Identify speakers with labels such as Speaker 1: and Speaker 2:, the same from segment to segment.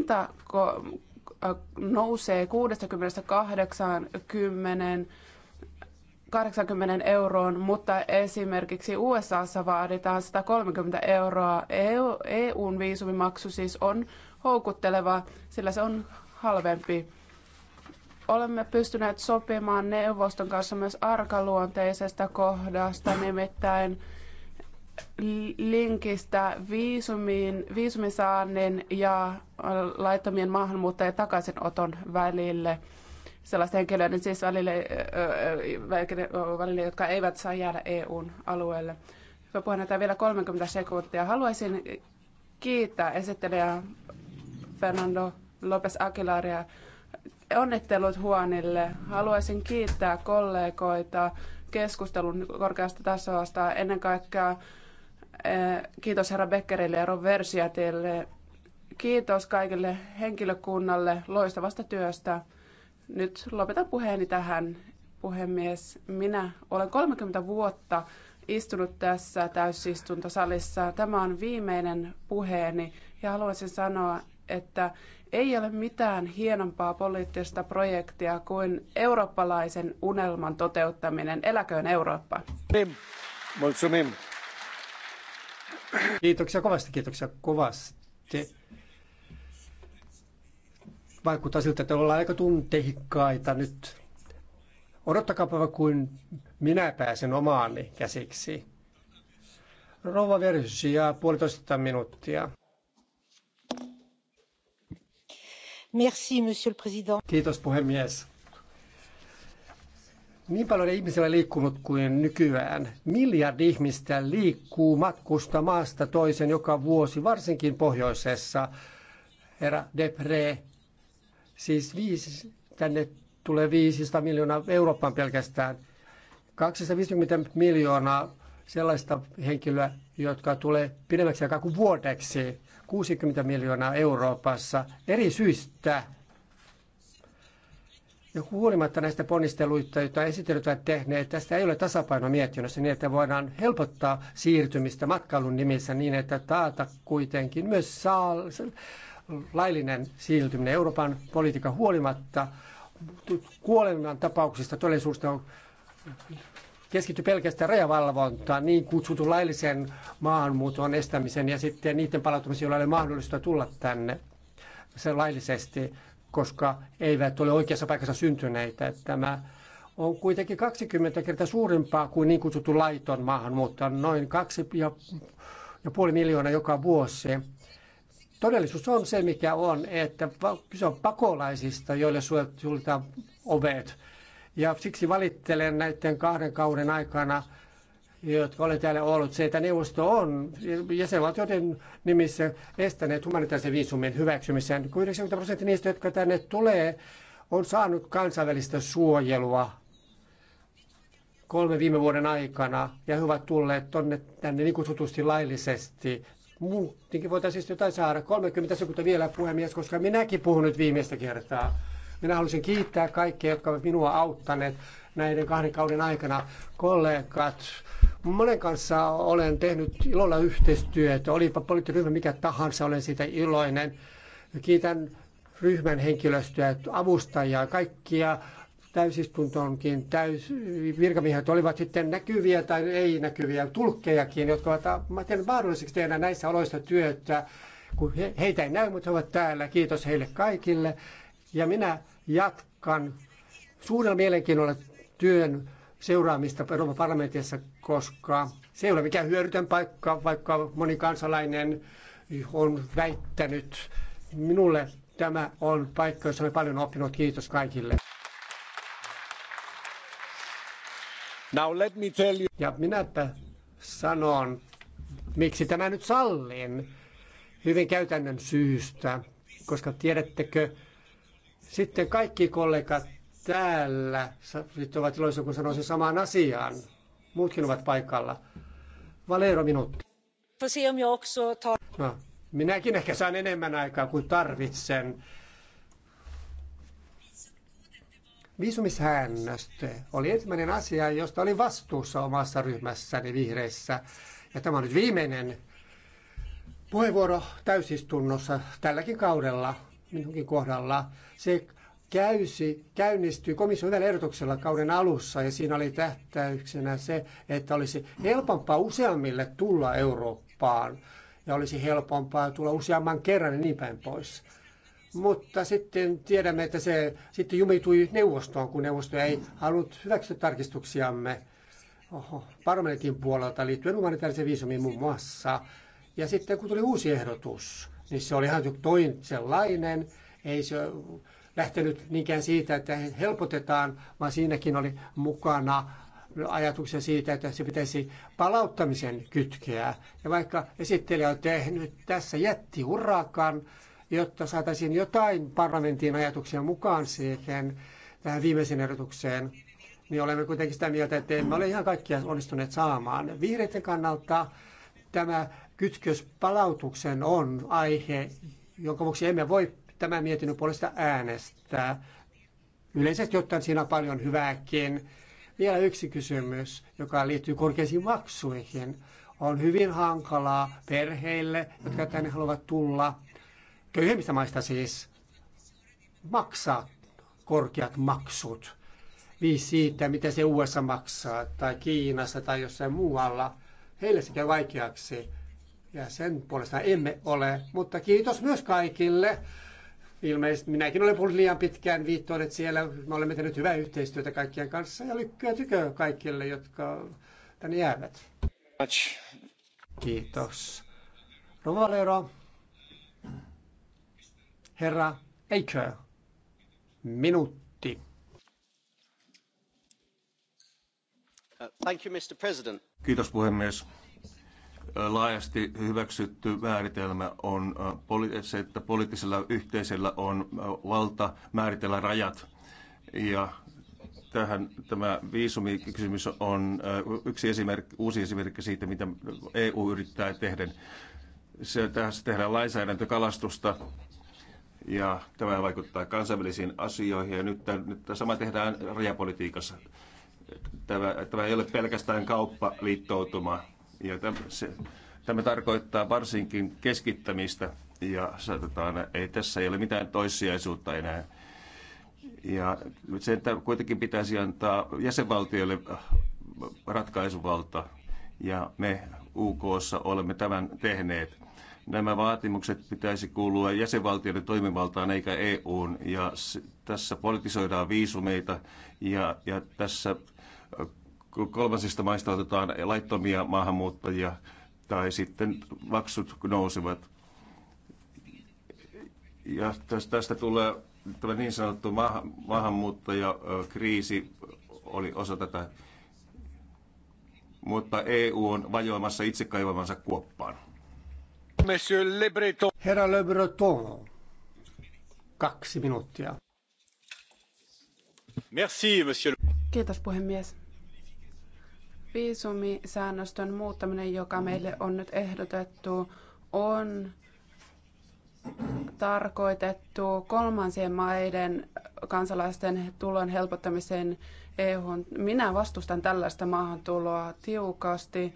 Speaker 1: hinta äh, nousee 60-80 80 euroon, mutta esimerkiksi USAssa vaaditaan 130 euroa. EU, EUn viisumimaksu siis on houkutteleva, sillä se on halvempi. Olemme pystyneet sopimaan neuvoston kanssa myös arkaluonteisesta kohdasta, nimittäin linkistä viisumiin, viisumisaannin ja laittomien maahanmuuttajien takaisinoton välille sellaisten henkilöiden siis välille, välille, jotka eivät saa jäädä EUn alueelle. Hyvä puheenjohtaja, vielä 30 sekuntia. Haluaisin kiittää esittelijä Fernando López Aguilaria. Onnittelut Huanille. Haluaisin kiittää kollegoita keskustelun korkeasta tasoasta ennen kaikkea Eh, kiitos herra Beckerille ja Roversiatille. Kiitos kaikille henkilökunnalle loistavasta työstä. Nyt lopetan puheeni tähän, puhemies. Minä olen 30 vuotta istunut tässä täysistuntosalissa. Tämä on viimeinen puheeni ja haluaisin sanoa, että ei ole mitään hienompaa poliittista projektia kuin eurooppalaisen unelman toteuttaminen. Eläköön Eurooppa!
Speaker 2: Mulțumim. Kiitoksia kovasti, kiitoksia kovasti. Vaikuttaa siltä, että ollaan aika tunteikkaita nyt. Odottakaapa, kun minä pääsen omaani käsiksi. Rouva ja puolitoista minuuttia. Merci, monsieur le président. Kiitos puhemies niin paljon ei ihmisillä liikkunut kuin nykyään. Miljardi ihmistä liikkuu matkusta maasta toisen joka vuosi, varsinkin pohjoisessa. Herra Depre, siis viisi, tänne tulee 500 miljoonaa Eurooppaan pelkästään. 250 miljoonaa sellaista henkilöä, jotka tulee pidemmäksi aikaa kuin vuodeksi. 60 miljoonaa Euroopassa eri syistä ja huolimatta näistä ponnisteluista, joita esittelyt ovat tehneet, tästä ei ole tasapaino mietinnössä niin, että voidaan helpottaa siirtymistä matkailun nimissä niin, että taata kuitenkin myös saa laillinen siirtyminen Euroopan politiikan huolimatta. Kuoleman tapauksista todellisuus on keskitty pelkästään rajavalvontaan, niin kutsutun laillisen maahanmuuton estämisen ja sitten niiden palautumisen, joilla ei ole mahdollista tulla tänne se laillisesti koska eivät ole oikeassa paikassa syntyneitä. Tämä on kuitenkin 20 kertaa suurempaa kuin niin kutsuttu laiton maahanmuutto, noin 2,5 miljoonaa joka vuosi. Todellisuus on se, mikä on, että kyse on pakolaisista, joille suljetaan ovet. Ja siksi valittelen näiden kahden kauden aikana jotka olen täällä ollut, se, että neuvosto on jäsenvaltioiden nimissä estäneet humanitaarisen viisumien hyväksymisen. 90 prosenttia niistä, jotka tänne tulee, on saanut kansainvälistä suojelua kolme viime vuoden aikana, ja he ovat tulleet tonne, tänne niin kutsutusti laillisesti. Muutenkin voitaisiin siis jotain saada. 30 sekuntia vielä, puhemies, koska minäkin puhun nyt viimeistä kertaa. Minä haluaisin kiittää kaikkia, jotka ovat minua auttaneet näiden kahden kauden aikana. Kollegat, monen kanssa olen tehnyt ilolla yhteistyötä, olipa poliittiryhmä mikä tahansa, olen siitä iloinen. Kiitän ryhmän henkilöstöä, avustajia, kaikkia täysistuntoonkin täys, virkamiehet olivat sitten näkyviä tai ei näkyviä, tulkkejakin, jotka ovat tehneet mahdolliseksi tehdä näissä oloissa työtä, kun he, heitä ei näy, mutta he ovat täällä. Kiitos heille kaikille. Ja minä jatkan suurella mielenkiinnolla työn seuraamista Euroopan parlamentissa, koska se ei ole mikään hyödytön paikka, vaikka moni kansalainen on väittänyt. Minulle tämä on paikka, jossa olen paljon oppinut. Kiitos kaikille. Now let me tell you. Ja minäpä sanon, miksi tämä nyt sallin hyvin käytännön syystä, koska tiedättekö, sitten kaikki kollegat täällä nyt ovat iloisia, kun sanoisin samaan asiaan. Muutkin ovat paikalla. Valero, minuutti. No, minäkin ehkä saan enemmän aikaa kuin tarvitsen. Viisumisäännöstö oli ensimmäinen asia, josta oli vastuussa omassa ryhmässäni vihreissä. Ja tämä on nyt viimeinen puheenvuoro täysistunnossa tälläkin kaudella minunkin kohdalla. Se käysi, käynnistyi komission yhdellä ehdotuksella kauden alussa ja siinä oli tähtäyksenä se, että olisi helpompaa useammille tulla Eurooppaan ja olisi helpompaa tulla useamman kerran ja niin päin pois. Mutta sitten tiedämme, että se sitten jumitui neuvostoon, kun neuvosto ei halunnut hyväksyä tarkistuksiamme oho, parlamentin puolelta liittyen humanitaarisen viisumiin muun muassa. Ja sitten kun tuli uusi ehdotus, niin se oli ihan sellainen. Ei se lähtenyt niinkään siitä, että helpotetaan, vaan siinäkin oli mukana ajatuksia siitä, että se pitäisi palauttamisen kytkeä. Ja vaikka esittelijä on tehnyt tässä jätti urakan, jotta saataisiin jotain parlamentin ajatuksia mukaan siihen tähän viimeiseen ehdotukseen, niin olemme kuitenkin sitä mieltä, että emme ole ihan kaikkia onnistuneet saamaan. Vihreiden kannalta tämä kytkös palautuksen on aihe, jonka vuoksi emme voi tämän mietinnön puolesta äänestää. Yleisesti ottaen siinä on paljon hyvääkin. Vielä yksi kysymys, joka liittyy korkeisiin maksuihin. On hyvin hankalaa perheille, jotka tänne haluavat tulla, köyhemmistä maista siis, maksaa korkeat maksut. Viisi siitä, mitä se USA maksaa, tai Kiinassa tai jossain muualla. Heille se käy vaikeaksi. Ja sen puolesta emme ole, mutta kiitos myös kaikille Ilmeisesti minäkin olen puhunut liian pitkään viittoon, että siellä me olemme tehneet hyvää yhteistyötä kaikkien kanssa ja lykkyä tykö kaikille, jotka tänne jäävät. Kiitos. Rovalero, herra Eikö, minuutti. Thank you, Mr. President.
Speaker 3: Kiitos puhemies laajasti hyväksytty määritelmä on se, että poliittisella yhteisöllä on valta määritellä rajat. Ja tähän tämä viisumikysymys on yksi esimerkki, uusi esimerkki siitä, mitä EU yrittää tehdä. Se, tässä tehdään lainsäädäntökalastusta ja tämä vaikuttaa kansainvälisiin asioihin ja nyt, nyt sama tehdään rajapolitiikassa. Tämä, tämä ei ole pelkästään kauppaliittoutuma ja täm, se, tämä tarkoittaa varsinkin keskittämistä ja saatetaan, ei tässä ei ole mitään toissijaisuutta enää. Ja se, että kuitenkin pitäisi antaa jäsenvaltioille äh, ratkaisuvalta, ja me UKssa olemme tämän tehneet. Nämä vaatimukset pitäisi kuulua jäsenvaltioiden toimivaltaan eikä EUn, ja tässä politisoidaan viisumeita, ja, ja tässä äh, kolmansista maista otetaan laittomia maahanmuuttajia tai sitten maksut nousevat. Ja tästä tulee tämä niin sanottu maahanmuuttajakriisi oli osa tätä, mutta EU on vajoamassa itse kaivamansa
Speaker 2: kuoppaan. Monsieur Le Breton. Herra Le Breton, kaksi minuuttia. Merci, monsieur. Kiitos
Speaker 1: puhemies. Viisumisäännöstön muuttaminen, joka meille on nyt ehdotettu, on tarkoitettu kolmansien maiden kansalaisten tulon helpottamiseen EU. Minä vastustan tällaista maahantuloa tiukasti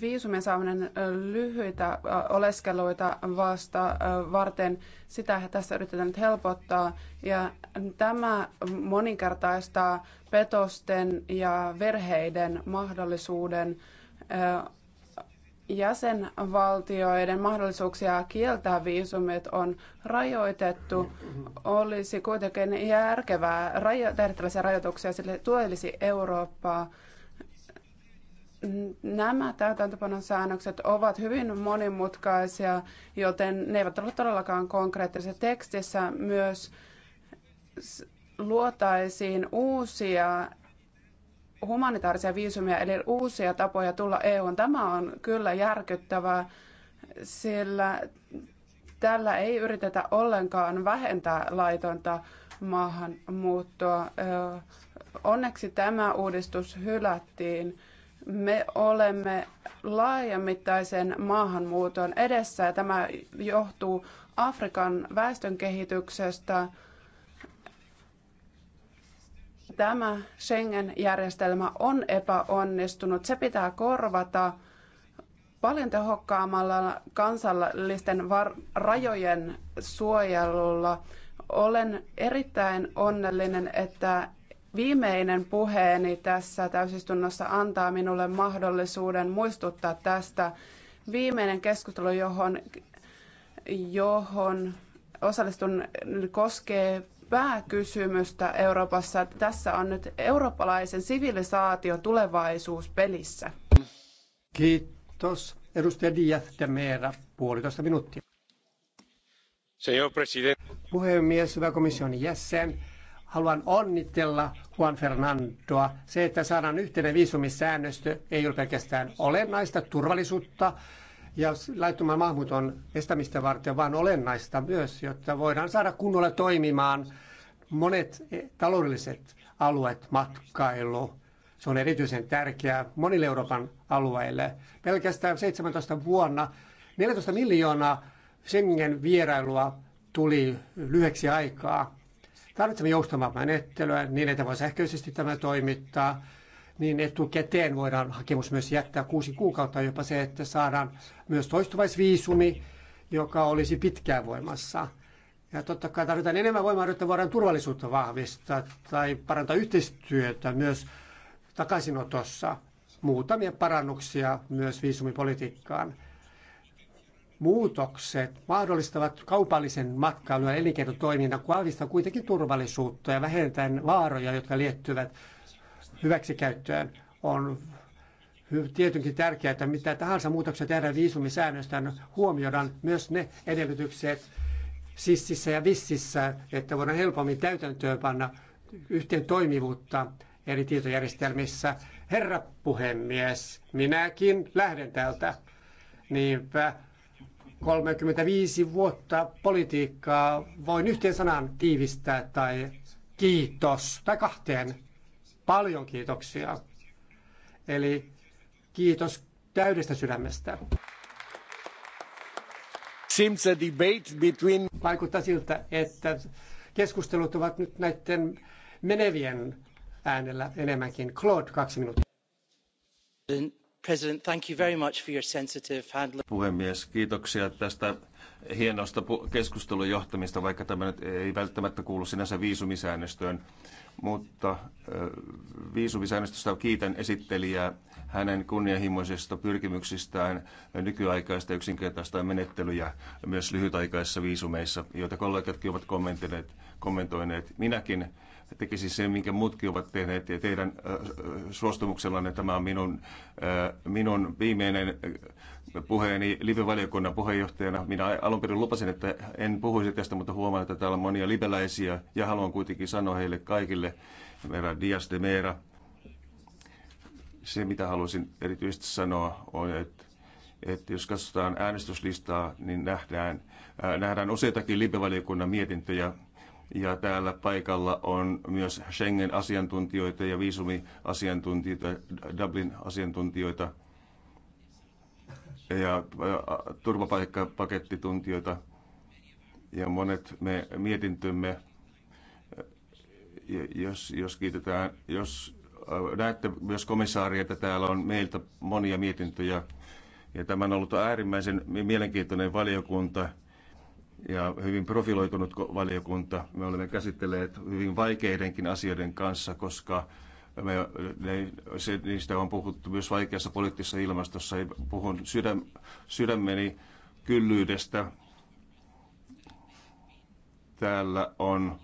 Speaker 1: viisumien saaminen lyhyitä oleskeluita vasta varten, sitä tässä yritetään nyt helpottaa. Ja tämä moninkertaistaa petosten ja verheiden mahdollisuuden jäsenvaltioiden mahdollisuuksia kieltää viisumit on rajoitettu, olisi kuitenkin järkevää tehdä tällaisia rajoituksia, sillä tuelisi Eurooppaa Nämä säännökset ovat hyvin monimutkaisia, joten ne eivät ole todellakaan konkreettisessa tekstissä. Myös luotaisiin uusia humanitaarisia viisumia, eli uusia tapoja tulla EUn. Tämä on kyllä järkyttävää, sillä tällä ei yritetä ollenkaan vähentää laitonta maahanmuuttoa. Onneksi tämä uudistus hylättiin me olemme laajamittaisen maahanmuuton edessä ja tämä johtuu Afrikan väestönkehityksestä. Tämä Schengen-järjestelmä on epäonnistunut. Se pitää korvata paljon tehokkaammalla kansallisten rajojen suojelulla. Olen erittäin onnellinen, että Viimeinen puheeni tässä täysistunnossa antaa minulle mahdollisuuden muistuttaa tästä viimeinen keskustelu, johon, johon osallistun, koskee pääkysymystä Euroopassa. Tässä on nyt eurooppalaisen
Speaker 2: sivilisaatio tulevaisuus pelissä. Kiitos. Edustaja Diaz de Mera, puolitoista minuuttia.
Speaker 3: Señor president.
Speaker 2: Puhemies, hyvä komission jäsen. Haluan onnitella Juan Fernandoa. Se, että saadaan yhteinen viisumisäännöstö, ei ole pelkästään olennaista turvallisuutta ja laittoman maahanmuuton estämistä varten, vaan olennaista myös, jotta voidaan saada kunnolla toimimaan monet taloudelliset alueet, matkailu, se on erityisen tärkeää monille Euroopan alueille. Pelkästään 17 vuonna 14 miljoonaa Schengen vierailua tuli lyhyeksi aikaa. Tarvitsemme joustavaa menettelyä niin, että voi sähköisesti tämä toimittaa, niin etukäteen voidaan hakemus myös jättää kuusi kuukautta, jopa se, että saadaan myös toistuvaisviisumi, joka olisi pitkään voimassa. Ja totta kai tarvitaan enemmän voimaa, jotta voidaan turvallisuutta vahvistaa tai parantaa yhteistyötä myös takaisinotossa. Muutamia parannuksia myös viisumipolitiikkaan muutokset mahdollistavat kaupallisen matkailun ja elinkeinotoiminnan, kun vahvistaa kuitenkin turvallisuutta ja vähentäen vaaroja, jotka liittyvät hyväksikäyttöön. On tietenkin tärkeää, että mitä tahansa muutoksia tehdään viisumisäännöstä, niin huomioidaan myös ne edellytykset sississä ja vississä, että voidaan helpommin täytäntöön panna yhteen toimivuutta eri tietojärjestelmissä. Herra puhemies, minäkin lähden täältä. Niinpä 35 vuotta politiikkaa voin yhteen sanan tiivistää tai kiitos tai kahteen. Paljon kiitoksia. Eli kiitos täydestä sydämestä. Seems a debate between... Vaikuttaa siltä, että keskustelut ovat nyt näiden menevien äänellä enemmänkin. Claude, kaksi minuuttia.
Speaker 3: Puhemies, kiitoksia tästä hienosta keskustelun johtamista, vaikka tämä nyt ei välttämättä kuulu sinänsä viisumisäännöstöön. Mutta viisumisäännöstöstä kiitän esittelijää hänen kunnianhimoisista pyrkimyksistään nykyaikaista yksinkertaista menettelyjä myös lyhytaikaisissa viisumeissa, joita kollegatkin ovat kommentoineet. Minäkin tekisi sen, minkä muutkin ovat tehneet, ja teidän suostumuksellanne tämä on minun, minun viimeinen puheeni Live-valiokunnan puheenjohtajana. Minä alun perin lupasin, että en puhuisi tästä, mutta huomaan, että täällä on monia libeläisiä, ja haluan kuitenkin sanoa heille kaikille, Mera Dias de Mera, se mitä haluaisin erityisesti sanoa on, että että jos katsotaan äänestyslistaa, niin nähdään, ää, nähdään useitakin libevaliokunnan mietintöjä, ja täällä paikalla on myös Schengen-asiantuntijoita ja viisumiasiantuntijoita, Dublin-asiantuntijoita ja äh, turvapaikkapakettituntijoita. Ja monet me mietintymme äh, jos, jos kiitetään, jos äh, näette myös komissaari, että täällä on meiltä monia mietintöjä. Ja tämä on ollut äärimmäisen mielenkiintoinen valiokunta ja hyvin profiloitunut valiokunta. Me olemme käsitelleet hyvin vaikeidenkin asioiden kanssa, koska me, ne, se, niistä on puhuttu myös vaikeassa poliittisessa ilmastossa. Puhun sydäm, sydämeni kyllyydestä. Täällä on,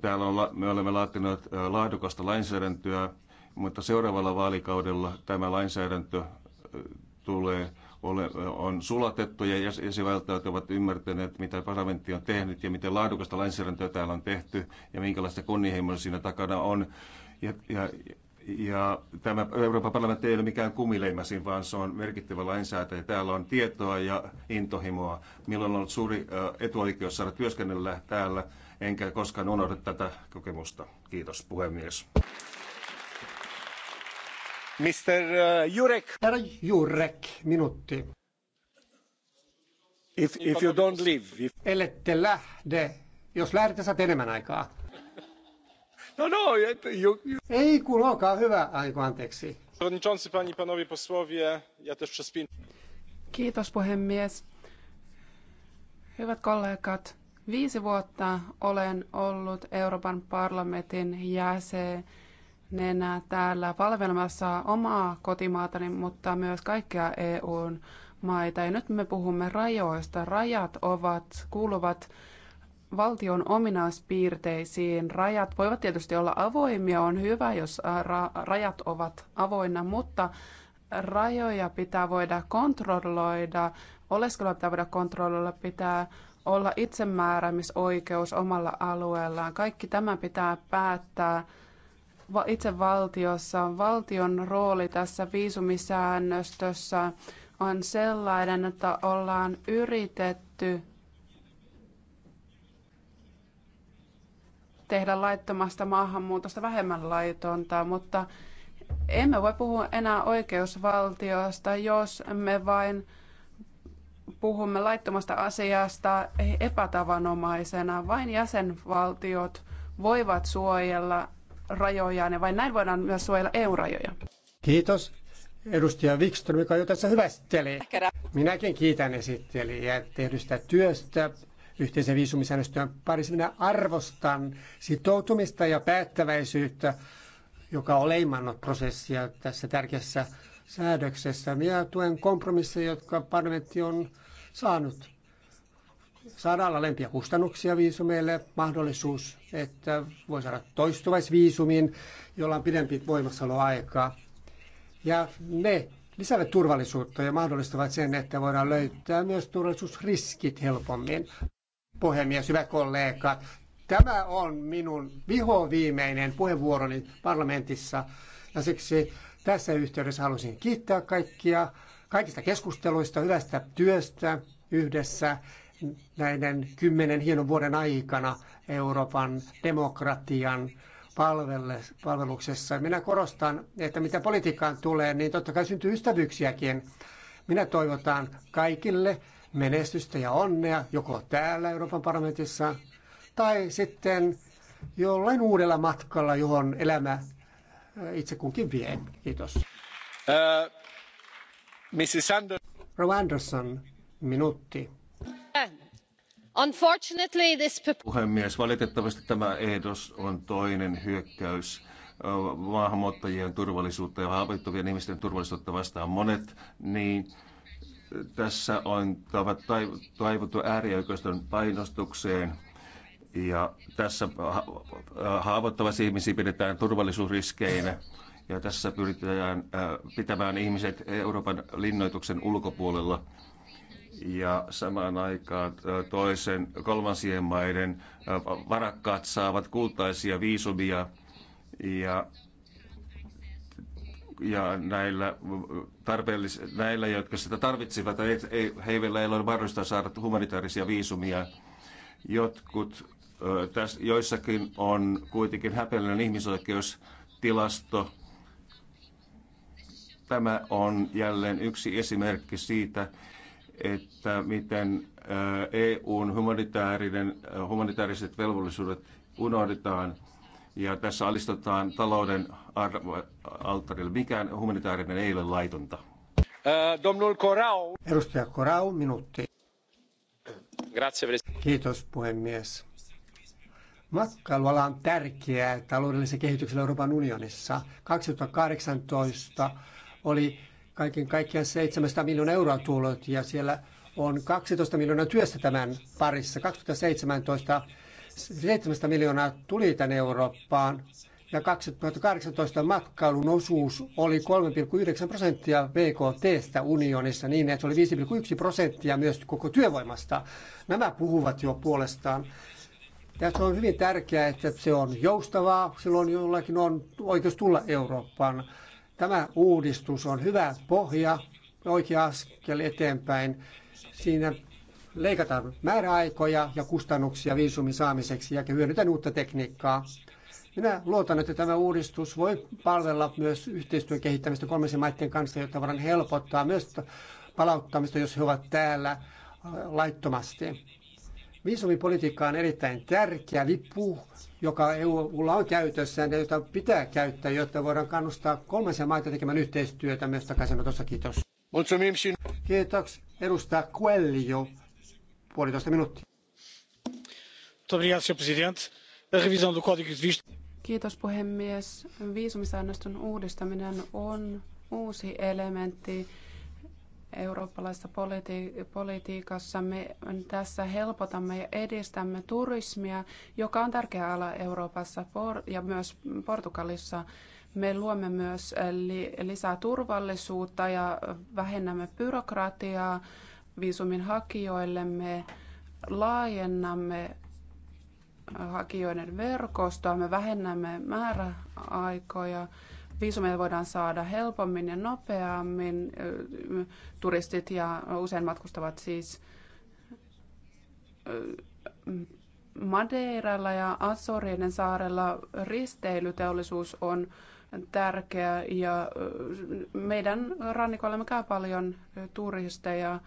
Speaker 3: täällä on, me olemme laatineet laadukasta lainsäädäntöä, mutta seuraavalla vaalikaudella tämä lainsäädäntö tulee ole, on sulatettu ja jäsenvaltiot ovat ymmärtäneet, mitä parlamentti on tehnyt ja miten laadukasta lainsäädäntöä täällä on tehty ja minkälaista kunnianhimoa siinä takana on. Ja, ja, ja tämä Euroopan parlamentti ei ole mikään kumileimasin, vaan se on merkittävä lainsäätäjä. Täällä on tietoa ja intohimoa. Milloin on ollut suuri etuoikeus saada työskennellä täällä, enkä koskaan unohda tätä kokemusta. Kiitos puhemies.
Speaker 2: Mr. Uh, Jurek. Jurek, minuutti. If, you don't Ellette lähde. Jos lähdette, saatte enemmän aikaa. No, no, Ei kun, olkaa hyvä. Aiku, anteeksi. ja
Speaker 1: Kiitos puhemies. Hyvät kollegat, viisi vuotta olen ollut Euroopan parlamentin jäsen minä täällä palvelemassa omaa kotimaatani, mutta myös kaikkia EUn maita. Ja nyt me puhumme rajoista. Rajat ovat, kuuluvat valtion ominaispiirteisiin. Rajat voivat tietysti olla avoimia, on hyvä, jos rajat ovat avoinna, mutta rajoja pitää voida kontrolloida, oleskelua pitää voida kontrolloida, pitää olla itsemääräämisoikeus omalla alueellaan. Kaikki tämä pitää päättää itse valtiossa. Valtion rooli tässä viisumisäännöstössä on sellainen, että ollaan yritetty tehdä laittomasta maahanmuutosta vähemmän laitonta, mutta emme voi puhua enää oikeusvaltiosta, jos me vain puhumme laittomasta asiasta epätavanomaisena. Vain jäsenvaltiot voivat suojella rajojaan ja vain näin voidaan myös suojella EU-rajoja.
Speaker 2: Kiitos. Edustaja Wikström, joka jo tässä hyvästeli. Minäkin kiitän esittelijää tehdystä työstä yhteisen viisumisäännöstön parissa. Minä arvostan sitoutumista ja päättäväisyyttä, joka on leimannut prosessia tässä tärkeässä säädöksessä. Minä tuen kompromisseja, jotka parlamentti on saanut saadaan alempia kustannuksia viisumeille, mahdollisuus, että voi saada toistuvaisviisumin, jolla on pidempi voimassaoloaika. Ja ne lisäävät turvallisuutta ja mahdollistavat sen, että voidaan löytää myös turvallisuusriskit helpommin. Puhemies, hyvät kollegat, tämä on minun vihoviimeinen puheenvuoroni parlamentissa ja siksi tässä yhteydessä haluaisin kiittää kaikkia kaikista keskusteluista, hyvästä työstä yhdessä näiden kymmenen hienon vuoden aikana Euroopan demokratian palveluksessa. Minä korostan, että mitä politiikkaan tulee, niin totta kai syntyy ystävyyksiäkin. Minä toivotan kaikille menestystä ja onnea, joko täällä Euroopan parlamentissa tai sitten jollain uudella matkalla, johon elämä äh, itse kunkin vie. Kiitos. Uh, äh, Mrs. Anderson. Rowe Anderson, minuutti.
Speaker 3: Puhemies, valitettavasti tämä ehdos on toinen hyökkäys maahanmuuttajien turvallisuutta ja haavoittuvien ihmisten turvallisuutta vastaan. Monet niin tässä on taivuttu äärioikeiston painostukseen ja tässä haavoittavassa ihmisiä pidetään turvallisuusriskeinä ja tässä pyritään pitämään ihmiset Euroopan linnoituksen ulkopuolella ja samaan aikaan toisen kolmansien maiden varakkaat saavat kultaisia viisumia ja ja näillä, tarpeellis- näillä, jotka sitä tarvitsivat ei, ei, heillä ei ole mahdollista saada humanitaarisia viisumia. Jotkut, täs, joissakin on kuitenkin häpeällinen ihmisoikeustilasto. Tämä on jälleen yksi esimerkki siitä, että miten EUn humanitaarinen, humanitaariset velvollisuudet unohdetaan ja tässä alistetaan talouden alttarille. Mikään humanitaarinen ei ole laitonta.
Speaker 2: Domnul Corau. Edustaja Corau, minuutti. Kiitos puhemies. Matkailuala on tärkeää taloudellisessa kehityksen Euroopan unionissa. 2018 oli kaiken kaikkiaan 700 miljoonaa euroa tulot ja siellä on 12 miljoonaa työstä tämän parissa. 2017 700 miljoonaa tuli tänne Eurooppaan ja 2018 matkailun osuus oli 3,9 prosenttia BKTstä unionissa niin, että se oli 5,1 prosenttia myös koko työvoimasta. Nämä puhuvat jo puolestaan. Ja se on hyvin tärkeää, että se on joustavaa, silloin jollakin on oikeus tulla Eurooppaan. Tämä uudistus on hyvä pohja, oikea askel eteenpäin. Siinä leikataan määräaikoja ja kustannuksia viisumin saamiseksi ja hyödynnetään uutta tekniikkaa. Minä luotan, että tämä uudistus voi palvella myös yhteistyön kehittämistä kolmansien maiden kanssa, jotta voidaan helpottaa myös palauttamista, jos he ovat täällä laittomasti. Viisumipolitiikka on erittäin tärkeä lippu, joka EUlla on käytössään ja jota pitää käyttää, jotta voidaan kannustaa kolmansia maita tekemään yhteistyötä myös tuossa Kiitos. Kiitos. Edustaja Coelho, puolitoista minuuttia.
Speaker 1: Kiitos puhemies. Viisumisäännöstön uudistaminen on uusi elementti eurooppalaisessa politi- politiikassa. Me tässä helpotamme ja edistämme turismia, joka on tärkeä ala Euroopassa ja myös Portugalissa. Me luomme myös äh, lisää turvallisuutta ja vähennämme byrokratiaa viisumin hakijoillemme, laajennamme hakijoiden verkostoa, me vähennämme määräaikoja viisumeja voidaan saada helpommin ja nopeammin. Turistit ja usein matkustavat siis Madeiralla ja Azorien saarella risteilyteollisuus on tärkeä ja meidän rannikollamme käy paljon turisteja.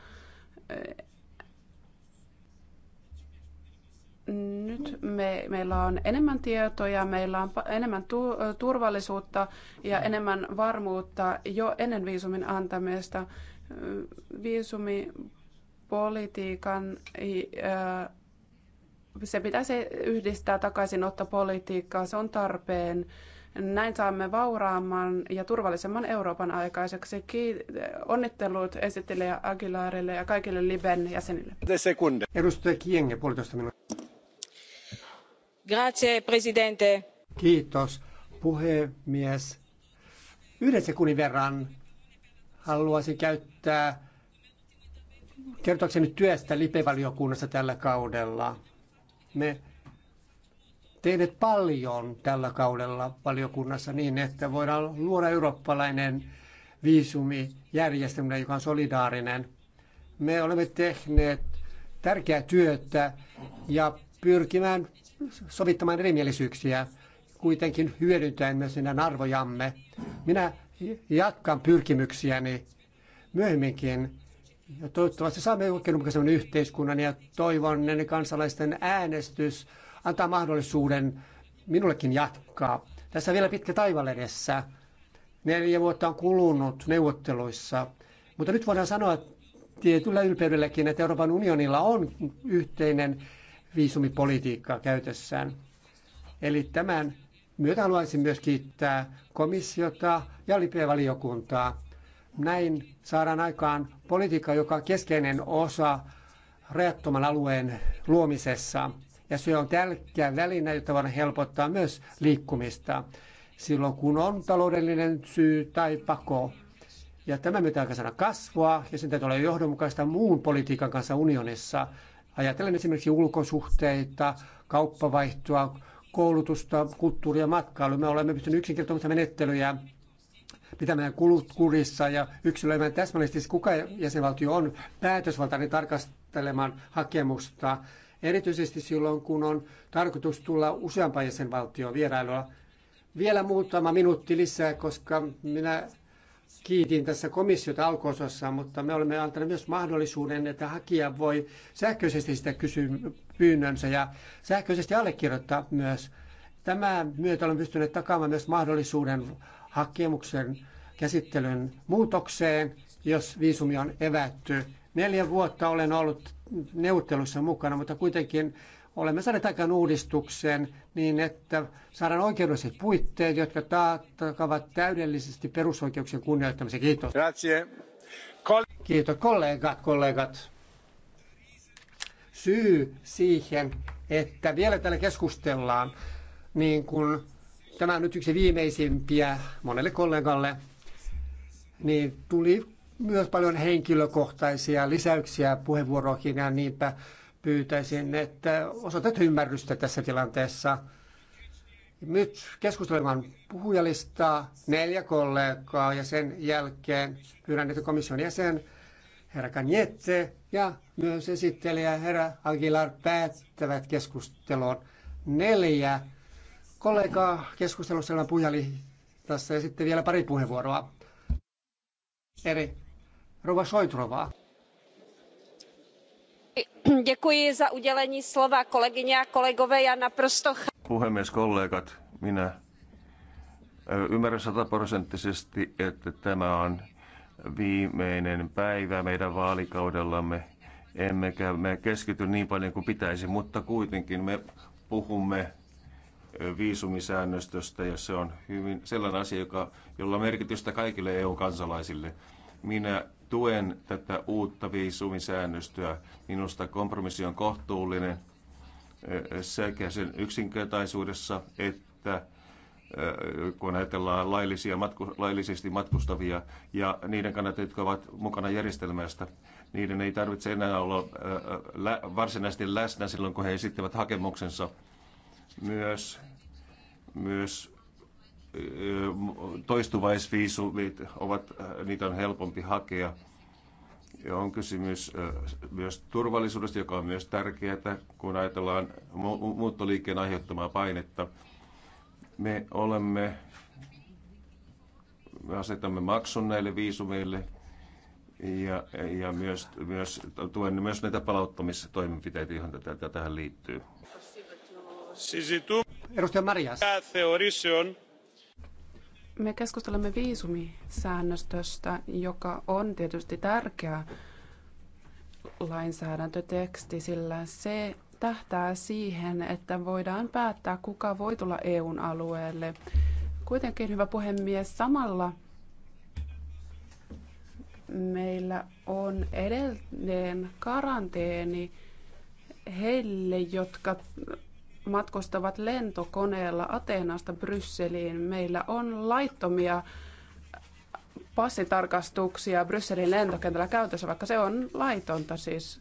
Speaker 1: nyt me, meillä on enemmän tietoja, meillä on enemmän tu, turvallisuutta ja enemmän varmuutta jo ennen viisumin antamista. Viisumipolitiikan se pitäisi yhdistää takaisinottopolitiikkaa, se on tarpeen. Näin saamme vauraamman ja turvallisemman Euroopan aikaiseksi. onnittelut esittelijä Aguilarille ja kaikille Liben jäsenille.
Speaker 2: Sekunde. Edustaja Kienge, puolitoista minuuttia. Grazie, presidente. Kiitos, puhemies. Yhden sekunnin verran haluaisin käyttää kertoakseni työstä lipevaliokunnassa tällä kaudella. Me tehneet paljon tällä kaudella valiokunnassa niin, että voidaan luoda eurooppalainen viisumijärjestelmä, joka on solidaarinen. Me olemme tehneet tärkeää työtä ja pyrkimään sovittamaan erimielisyyksiä, kuitenkin hyödyntäen myös sinne arvojamme. Minä jatkan pyrkimyksiäni myöhemminkin. Ja toivottavasti saamme oikeudenmukaisemman yhteiskunnan ja toivon ennen kansalaisten äänestys antaa mahdollisuuden minullekin jatkaa. Tässä vielä pitkä taival edessä. Neljä vuotta on kulunut neuvotteluissa, mutta nyt voidaan sanoa tietyllä ylpeydelläkin, että Euroopan unionilla on yhteinen viisumipolitiikka käytössään. Eli tämän myötä haluaisin myös kiittää komissiota ja LIPE-valiokuntaa. Näin saadaan aikaan politiikka, joka on keskeinen osa rajattoman alueen luomisessa ja se on tärkeä väline, jota voidaan helpottaa myös liikkumista silloin, kun on taloudellinen syy tai pako. Ja tämä myötä aikana kasvua ja sen täytyy olla johdonmukaista muun politiikan kanssa unionissa. Ajatellen esimerkiksi ulkosuhteita, kauppavaihtoa, koulutusta, kulttuuria, matkailua. Me olemme pystyneet yksinkertaisia menettelyjä pitämään kulut kurissa ja yksilöimään täsmällisesti, kuka jäsenvaltio on päätösvaltainen tarkastelemaan hakemusta erityisesti silloin, kun on tarkoitus tulla useampaan jäsenvaltioon vierailulla. Vielä muutama minuutti lisää, koska minä kiitin tässä komissiota alkuosassa, mutta me olemme antaneet myös mahdollisuuden, että hakija voi sähköisesti sitä kysyä pyynnönsä ja sähköisesti allekirjoittaa myös. Tämä myötä olemme pystyneet takaamaan myös mahdollisuuden hakemuksen käsittelyn muutokseen, jos viisumi on evätty. Neljä vuotta olen ollut neuvotteluissa mukana, mutta kuitenkin olemme saaneet aikaan uudistuksen niin, että saadaan oikeudelliset puitteet, jotka takavat täydellisesti perusoikeuksien kunnioittamisen. Kiitos. Kol- Kiitos kollegat, kollegat. Syy siihen, että vielä täällä keskustellaan, niin kun tämä on nyt yksi viimeisimpiä monelle kollegalle, niin tuli myös paljon henkilökohtaisia lisäyksiä puheenvuoroihin ja niinpä pyytäisin, että osoitat ymmärrystä tässä tilanteessa. Nyt keskustelemaan puhujalistaa neljä kollegaa ja sen jälkeen pyydän, että komission jäsen herra Kanjette ja myös esittelijä herra Aguilar päättävät keskustelun. Neljä kollegaa keskustelussa ilman puhujalistassa ja sitten vielä pari puheenvuoroa eri Rova Šojdrová. Děkuji
Speaker 3: Puhemies, kollegat, minä eh, ymmärrän sataprosenttisesti, että tämä on viimeinen päivä meidän vaalikaudellamme, emmekä me keskity niin paljon kuin pitäisi, mutta kuitenkin me puhumme eh, viisumisäännöstöstä ja se on hyvin sellainen asia, joka, jolla on merkitystä kaikille EU-kansalaisille. Minä tuen tätä uutta viisumisäännöstöä. Minusta kompromissi on kohtuullinen eh, sekä sen yksinkertaisuudessa että eh, kun ajatellaan laillisia, matku, laillisesti matkustavia ja niiden kannalta, jotka ovat mukana järjestelmästä, niiden ei tarvitse enää olla eh, varsinaisesti läsnä silloin, kun he esittävät hakemuksensa. Myös, myös toistuvaisviisumit ovat, niitä on helpompi hakea. Ja on kysymys myös turvallisuudesta, joka on myös tärkeää, kun ajatellaan muuttoliikkeen aiheuttamaa painetta. Me olemme, me asetamme maksun näille viisumeille ja, ja myös, myös tuen myös näitä palauttamistoimenpiteitä, joihin tähän liittyy.
Speaker 2: Edustaja Marias.
Speaker 1: Me keskustelemme viisumisäännöstöstä, joka on tietysti tärkeä lainsäädäntöteksti, sillä se tähtää siihen, että voidaan päättää, kuka voi tulla EUn alueelle. Kuitenkin, hyvä puhemies, samalla meillä on edelleen karanteeni heille, jotka matkustavat lentokoneella Ateenasta Brysseliin. Meillä on laittomia passitarkastuksia Brysselin lentokentällä käytössä, vaikka se on laitonta siis.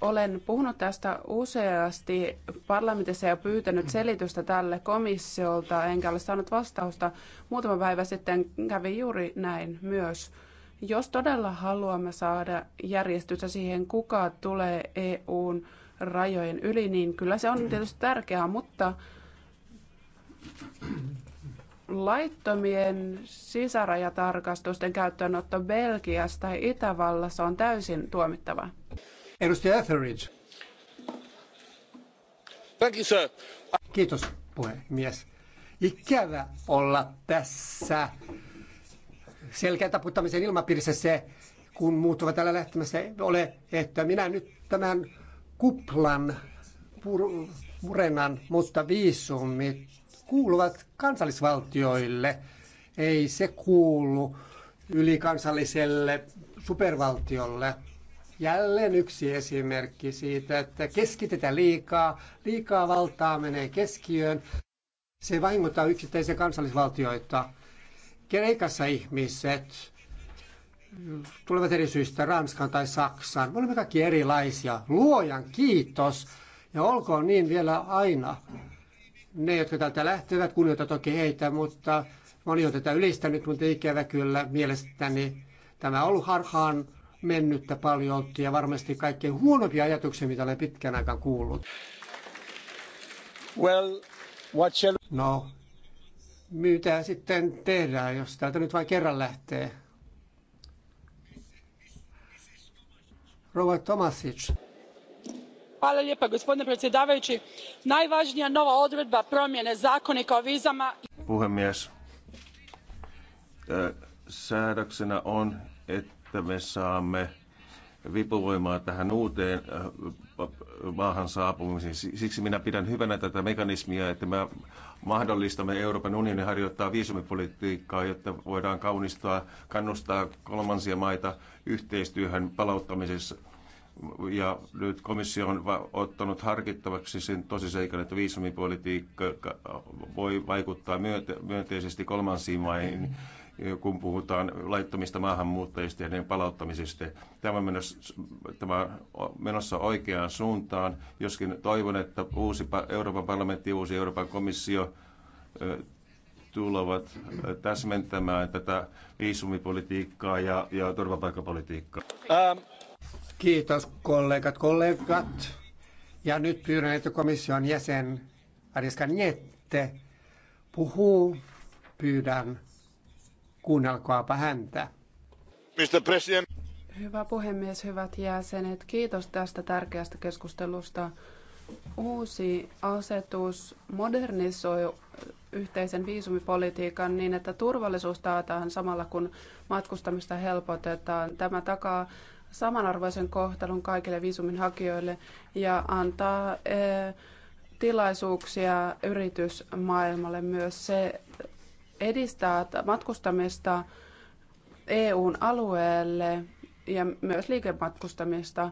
Speaker 1: Olen puhunut tästä useasti parlamentissa ja pyytänyt selitystä tälle komissiolta, enkä ole saanut vastausta. Muutama päivä sitten kävi juuri näin myös. Jos todella haluamme saada järjestystä siihen, kuka tulee EUn rajojen yli, niin kyllä se on tietysti tärkeää, mutta laittomien sisärajatarkastusten käyttöönotto Belgiassa tai Itävallassa on
Speaker 2: täysin tuomittava. Edustaja Etheridge. Thank you, sir. Kiitos puhemies. Ikävä olla tässä selkeä taputtamisen ilmapiirissä se, kun muut ovat täällä lähtemässä, ole, että minä nyt tämän kuplan murenan, mutta viisumit kuuluvat kansallisvaltioille. Ei se kuulu ylikansalliselle supervaltiolle. Jälleen yksi esimerkki siitä, että keskitetään liikaa, liikaa valtaa menee keskiöön. Se vahingoittaa yksittäisiä kansallisvaltioita. Kreikassa ihmiset tulevat eri syistä Ranskan tai Saksaan. Me olemme kaikki erilaisia. Luojan kiitos. Ja olkoon niin vielä aina. Ne, jotka täältä lähtevät, kunnioita toki heitä, mutta moni on tätä ylistänyt, mutta ikävä kyllä mielestäni tämä on ollut harhaan mennyttä paljon ja varmasti kaikkein huonompia ajatuksia, mitä olen pitkän aikaan kuullut. Well, what shall... No, mitä sitten tehdään, jos täältä nyt vain kerran lähtee?
Speaker 1: gospodine predsjedavajući najvažnija nova odredba promjene zakonika o viizama.
Speaker 3: puhemies eh, säädöksenä on että me saamme vipuvoimaa tähän uuteen äh, maahan saapumiseen. Siksi minä pidän hyvänä tätä mekanismia, että me mahdollistamme Euroopan unionin harjoittaa viisumipolitiikkaa, jotta voidaan kaunistaa, kannustaa kolmansia maita yhteistyöhön palauttamisessa. Ja nyt komissio on ottanut harkittavaksi sen tosiseikan, että viisumipolitiikka voi vaikuttaa myönteisesti kolmansiin maihin. Mm-hmm kun puhutaan laittomista maahanmuuttajista ja niiden palauttamisesta. Tämä on menossa, tämä on menossa oikeaan suuntaan, joskin toivon, että uusi Euroopan parlamentti ja uusi Euroopan komissio tulevat täsmentämään tätä viisumipolitiikkaa ja, ja turvapaikkapolitiikkaa. Ähm.
Speaker 2: Kiitos kollegat, kollegat. Ja nyt pyydän, että komission jäsen Ariska Niette puhuu. Pyydän kuunnelkaapa häntä. Mr. President.
Speaker 1: Hyvä puhemies, hyvät jäsenet. Kiitos tästä tärkeästä keskustelusta. Uusi asetus modernisoi yhteisen viisumipolitiikan niin, että turvallisuus taataan samalla kun matkustamista helpotetaan. Tämä takaa samanarvoisen kohtelun kaikille viisumin hakijoille ja antaa eh, tilaisuuksia yritysmaailmalle myös. Se edistää matkustamista EUn alueelle ja myös liikematkustamista.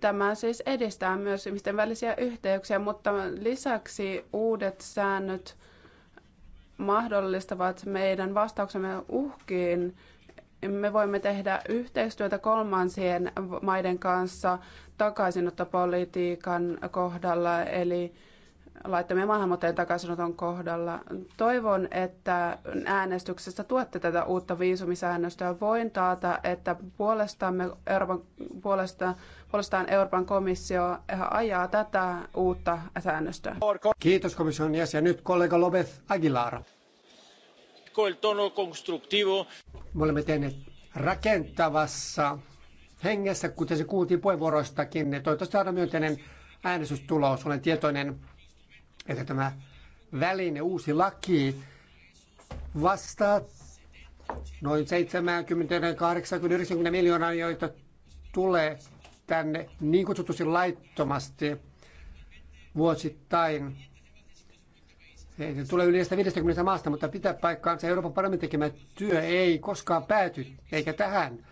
Speaker 1: Tämä siis edistää myös ihmisten välisiä yhteyksiä, mutta lisäksi uudet säännöt mahdollistavat meidän vastauksemme uhkiin. Me voimme tehdä yhteistyötä kolmansien maiden kanssa takaisinottopolitiikan kohdalla, eli laittamien maahanmuuttajien takaisinoton kohdalla. Toivon, että äänestyksestä tuette tätä uutta ja Voin taata, että puolestamme Euroopan, puolesta, puolestaan Euroopan komissio ajaa tätä
Speaker 2: uutta säännöstä. Kiitos komission jäsen. Nyt kollega Lopez Aguilar. Me olemme tehneet rakentavassa hengessä, kuten se kuultiin puheenvuoroistakin. Toivottavasti aina myönteinen äänestystulos. Olen tietoinen että tämä väline, uusi laki, vastaa noin 70, 80, 90 miljoonaa, joita tulee tänne niin kutsutusti laittomasti vuosittain. Se tulee yli 50 maasta, mutta pitää paikkaansa Euroopan parlamentin tekemä työ ei koskaan pääty, eikä tähän.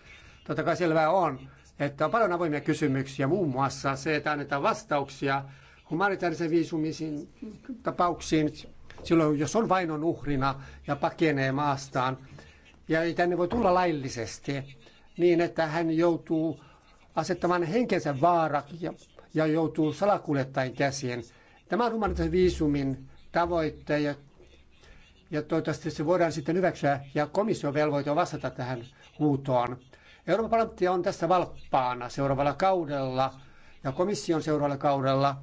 Speaker 2: Totta kai selvää on, että on paljon avoimia kysymyksiä, muun muassa se, että annetaan vastauksia humanitaarisen viisumisiin tapauksiin silloin, jos on vainon uhrina ja pakenee maastaan, ja ei tänne voi tulla laillisesti, niin että hän joutuu asettamaan henkensä vaaraksi ja, ja joutuu salakuljettajien käsiin. Tämä on humanitaarisen viisumin tavoitte, ja, ja toivottavasti se voidaan sitten hyväksyä, ja komissio velvoite vastata tähän huutoon. Euroopan parlamentti on tässä valppaana seuraavalla kaudella ja komission seuraavalla kaudella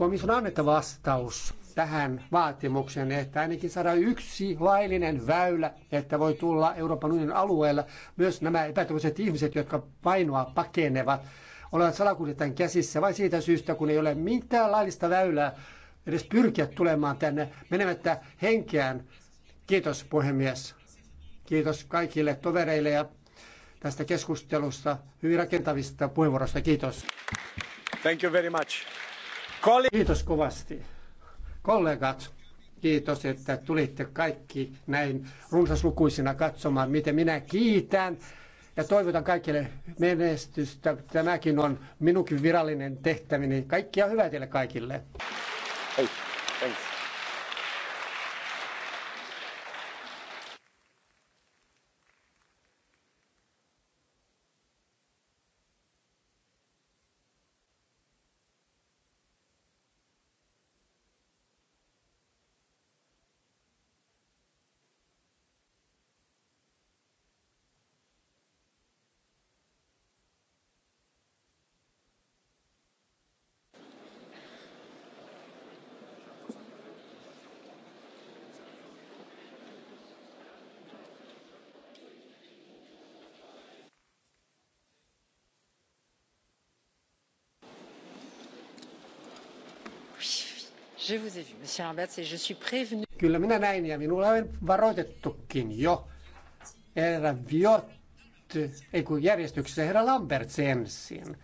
Speaker 2: Komission on annettava vastaus tähän vaatimukseen, että ainakin saada yksi laillinen väylä, että voi tulla Euroopan unionin alueella myös nämä epätoivoiset ihmiset, jotka painoa pakenevat, olevat salakuljettajan käsissä vain siitä syystä, kun ei ole mitään laillista väylää edes pyrkiä tulemaan tänne menemättä henkeään. Kiitos puhemies. Kiitos kaikille tovereille ja tästä keskustelusta, hyvin rakentavista puheenvuoroista. Kiitos. Thank you very much. Kiitos kovasti. Kollegat, kiitos, että tulitte kaikki näin runsaslukuisina katsomaan, miten minä kiitän ja toivotan kaikille menestystä. Tämäkin on minunkin virallinen tehtäväni. Kaikkia hyvää teille kaikille. Hei, thanks. Kyllä minä näin ja minulla on varoitettukin jo. Herra Viot, ei kun järjestyksessä herra Lambert ensin.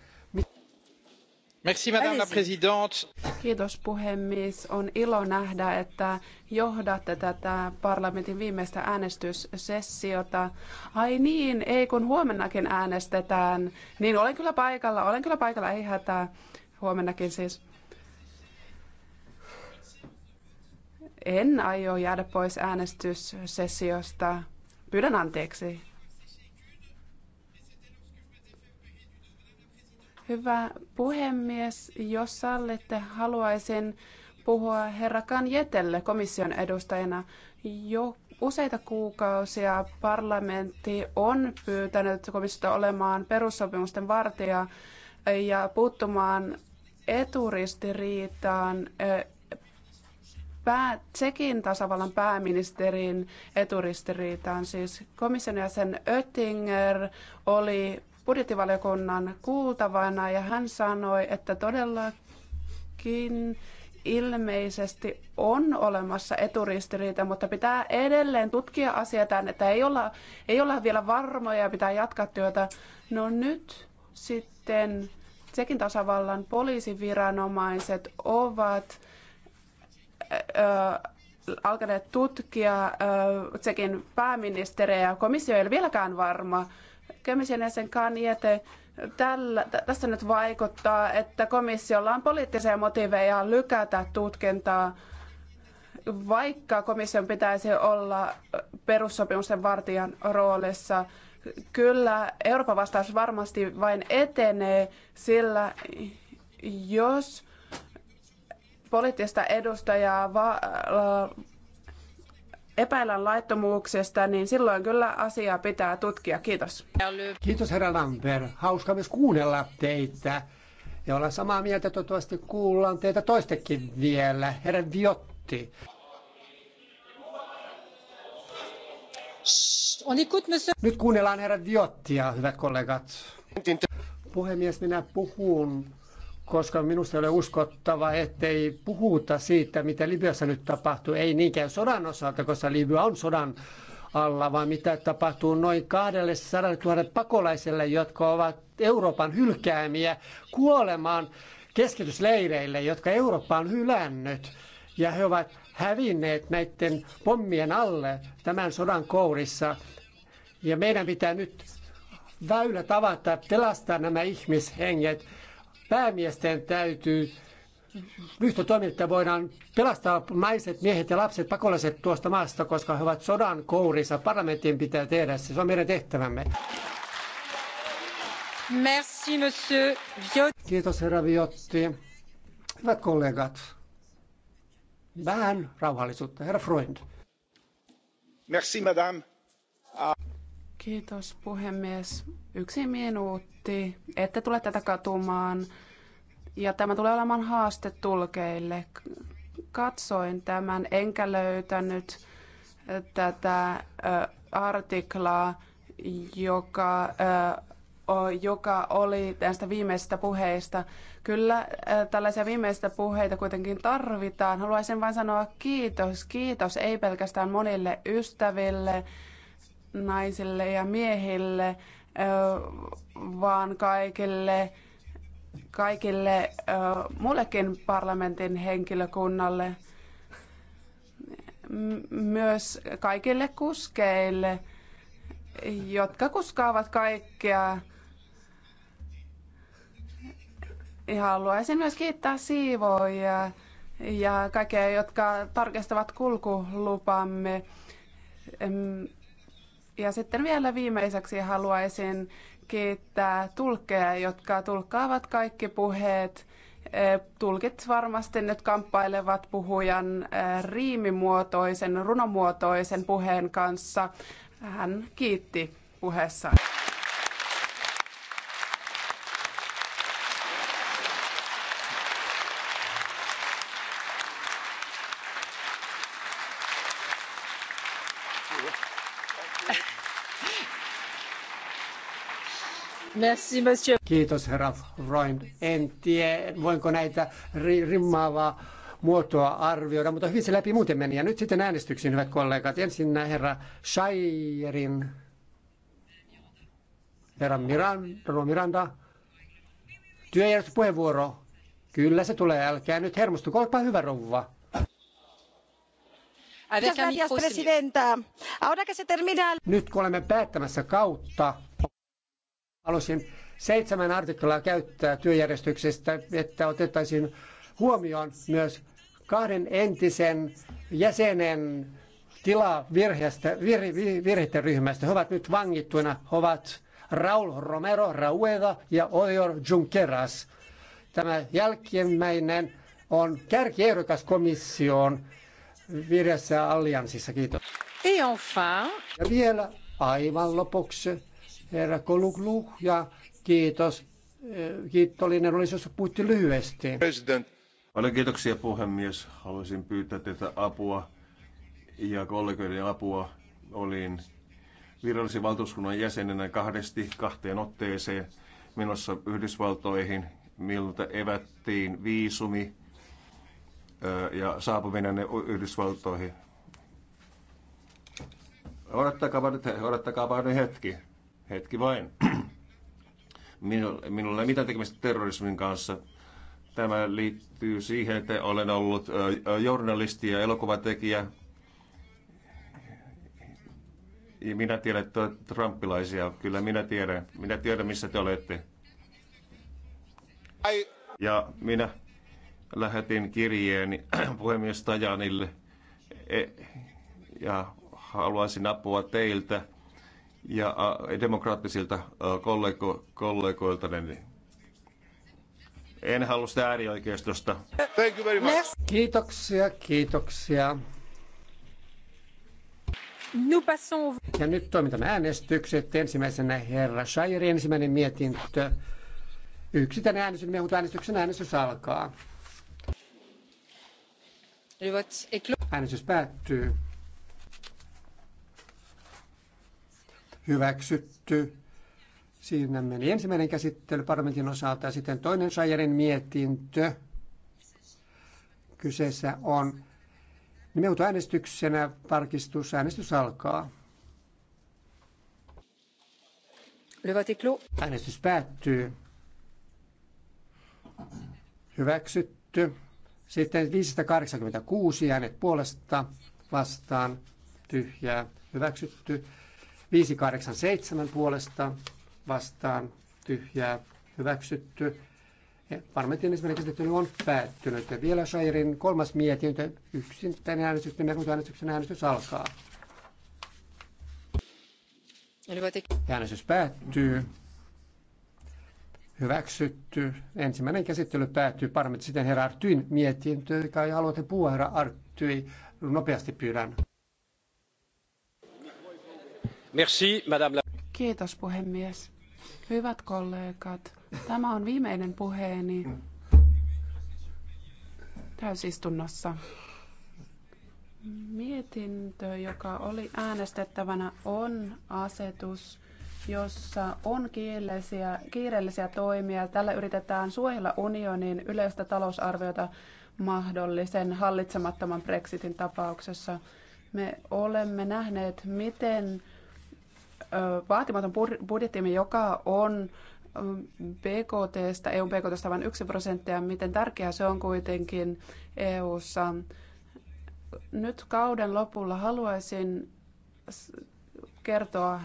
Speaker 2: Merci, madame la présidente.
Speaker 1: Kiitos puhemies. On ilo nähdä, että johdatte tätä parlamentin viimeistä äänestyssessiota. Ai niin, ei kun huomennakin äänestetään. Niin olen kyllä paikalla, olen kyllä paikalla, ei hätää. Huomennakin siis. En aio jäädä pois äänestyssessiosta. Pyydän anteeksi. Hyvä puhemies, jos sallitte, haluaisin puhua herra Kanjetelle komission edustajana. Jo useita kuukausia parlamentti on pyytänyt komissiota olemaan perussopimusten vartija ja puuttumaan eturistiriitaan eh, pää, Tsekin tasavallan pääministerin eturistiriitaan. Siis komission jäsen Oettinger oli budjettivaliokunnan kuultavana ja hän sanoi, että todellakin ilmeisesti on olemassa eturistiriita, mutta pitää edelleen tutkia asiaa että ei olla, ei olla vielä varmoja ja pitää jatkaa työtä. No nyt sitten Tsekin tasavallan poliisiviranomaiset ovat alkaneet tutkia Tsekin pääministeriä. Komissio ei ole vieläkään varma. Komission sen kanjete. tällä, tässä nyt vaikuttaa, että komissiolla on poliittisia motiiveja lykätä tutkintaa, vaikka komission pitäisi olla perussopimusten vartijan roolissa. Kyllä Euroopan vastaus varmasti vain etenee, sillä jos poliittista edustajaa va- äh, epäillä
Speaker 2: laittomuuksista, niin silloin kyllä asiaa pitää tutkia. Kiitos. Kiitos herra Lamper. Hauska myös kuunnella teitä. Ja olla samaa mieltä, toivottavasti kuullaan teitä toistekin vielä. Herra Viotti. Nyt kuunnellaan herra Viottia, hyvät kollegat. Puhemies, minä puhun koska minusta ei ole uskottava, ettei puhuta siitä, mitä Libyassa nyt tapahtuu. Ei niinkään sodan osalta, koska Libya on sodan alla, vaan mitä tapahtuu noin 200 000 pakolaiselle, jotka ovat Euroopan hylkäämiä kuolemaan keskitysleireille, jotka Eurooppa on hylännyt. Ja he ovat hävinneet näiden pommien alle tämän sodan kourissa. Ja meidän pitää nyt väylät avata, pelastaa nämä ihmishenget Päämiesten täytyy ryhtyä toimia, että voidaan pelastaa naiset, miehet ja lapset, pakolaiset tuosta maasta, koska he ovat sodan kourissa. Parlamentin pitää tehdä se. Se on meidän tehtävämme. Merci, monsieur. Kiitos, herra Viotti. Hyvät kollegat, vähän rauhallisuutta. Herra Freund.
Speaker 3: Merci, madame.
Speaker 2: Kiitos, puhemies. Yksi
Speaker 1: minuutti varmasti ette tule tätä katumaan. Ja tämä tulee olemaan haaste tulkeille. Katsoin tämän, enkä löytänyt tätä artiklaa, joka, joka oli tästä viimeisestä puheesta. Kyllä tällaisia viimeistä puheita kuitenkin tarvitaan. Haluaisin vain sanoa kiitos, kiitos ei pelkästään monille ystäville, naisille ja miehille, vaan kaikille, kaikille mullekin parlamentin henkilökunnalle, myös kaikille kuskeille, jotka kuskaavat kaikkea. Ja haluaisin myös kiittää siivoja ja kaikkia, jotka tarkistavat kulkulupamme. Ja sitten vielä viimeiseksi haluaisin kiittää tulkkeja, jotka tulkkaavat kaikki puheet. E, tulkit varmasti nyt kamppailevat puhujan e, riimimuotoisen, runomuotoisen puheen kanssa. Hän kiitti puheessaan.
Speaker 2: Merci, monsieur. Kiitos, herra Freund. En tiedä, voinko näitä ri- rimmaavaa muotoa arvioida, mutta hyvin se läpi muuten meni. Ja nyt sitten äänestyksiin, hyvät kollegat. Ensin herra Shairin, herra Miranda, Miranda. työjärjestyspuheenvuoro. Kyllä se tulee, älkää nyt hermostuko, olkaa hyvä rouva.
Speaker 3: presidenta. se
Speaker 2: Nyt kun olemme päättämässä kautta, Halusin seitsemän artiklaa käyttää työjärjestyksestä, että otettaisiin huomioon myös kahden entisen jäsenen tila virheestä, vir, vir, virheiden ryhmästä. He ovat nyt vangittuina. He ovat Raul Romero Raueda ja Oyor Junqueras. Tämä jälkimmäinen on kärkiehdokas komission virheessä allianssissa. Kiitos. Ja vielä aivan lopuksi herra Koluglu ja kiitos. Kiitollinen olisi, jos puhutti lyhyesti.
Speaker 3: President. Paljon kiitoksia puhemies. Haluaisin pyytää tätä apua ja kollegoiden apua. Olin virallisen valtuuskunnan jäsenenä kahdesti kahteen otteeseen menossa Yhdysvaltoihin, miltä evättiin viisumi ja saapuminen Yhdysvaltoihin. Odottakaa vain, odottakaa nyt hetki. Hetki vain. Minulla, minulla ei mitään tekemistä terrorismin kanssa. Tämä liittyy siihen, että olen ollut journalisti ja elokuvatekijä. Ja minä tiedän, että olet trumpilaisia. Kyllä minä tiedän. Minä tiedän, missä te olette. Ja minä lähetin kirjeeni puhemies Tajanille e, ja haluaisin apua teiltä ja demokraattisilta kollego, kollegoilta. Niin en halua sitä äärioikeistosta. Thank you
Speaker 2: very much. Kiitoksia, kiitoksia. Ja nyt toimitan äänestykset. Ensimmäisenä herra Shairi, ensimmäinen mietintö. Yksi tänne äänestys, mehut äänestyksen äänestys alkaa. Äänestys päättyy. hyväksytty. Siinä meni ensimmäinen käsittely parlamentin osalta ja sitten toinen Sajerin mietintö. Kyseessä on nimenomaan äänestyksenä parkistus Äänestys alkaa. Äänestys päättyy. Hyväksytty. Sitten 586 äänet puolesta vastaan tyhjää. Hyväksytty. 587 puolesta vastaan tyhjää hyväksytty. Parlamentin ensimmäinen käsittely on päättynyt. Ja vielä Shairin kolmas mietintö yksin tänne äänestyksen, kun äänestyksen äänestys alkaa. Äänestys päättyy. Hyväksytty. Ensimmäinen käsittely päättyy parlamentti sitten herra Arttyin mietintö, joka aloite puuherra Artyi. Nopeasti pyydän. Kiitos puhemies. Hyvät
Speaker 1: kollegat, tämä on viimeinen puheeni täysistunnossa. Mietintö, joka oli äänestettävänä, on asetus, jossa on kiireellisiä, kiireellisiä toimia. Tällä yritetään suojella unionin yleistä talousarviota mahdollisen hallitsemattoman Brexitin tapauksessa. Me olemme nähneet, miten vaatimaton budjettimme, joka on BKTstä, EUn BKTstä vain yksi prosenttia, miten tärkeää se on kuitenkin EUssa. Nyt kauden lopulla haluaisin kertoa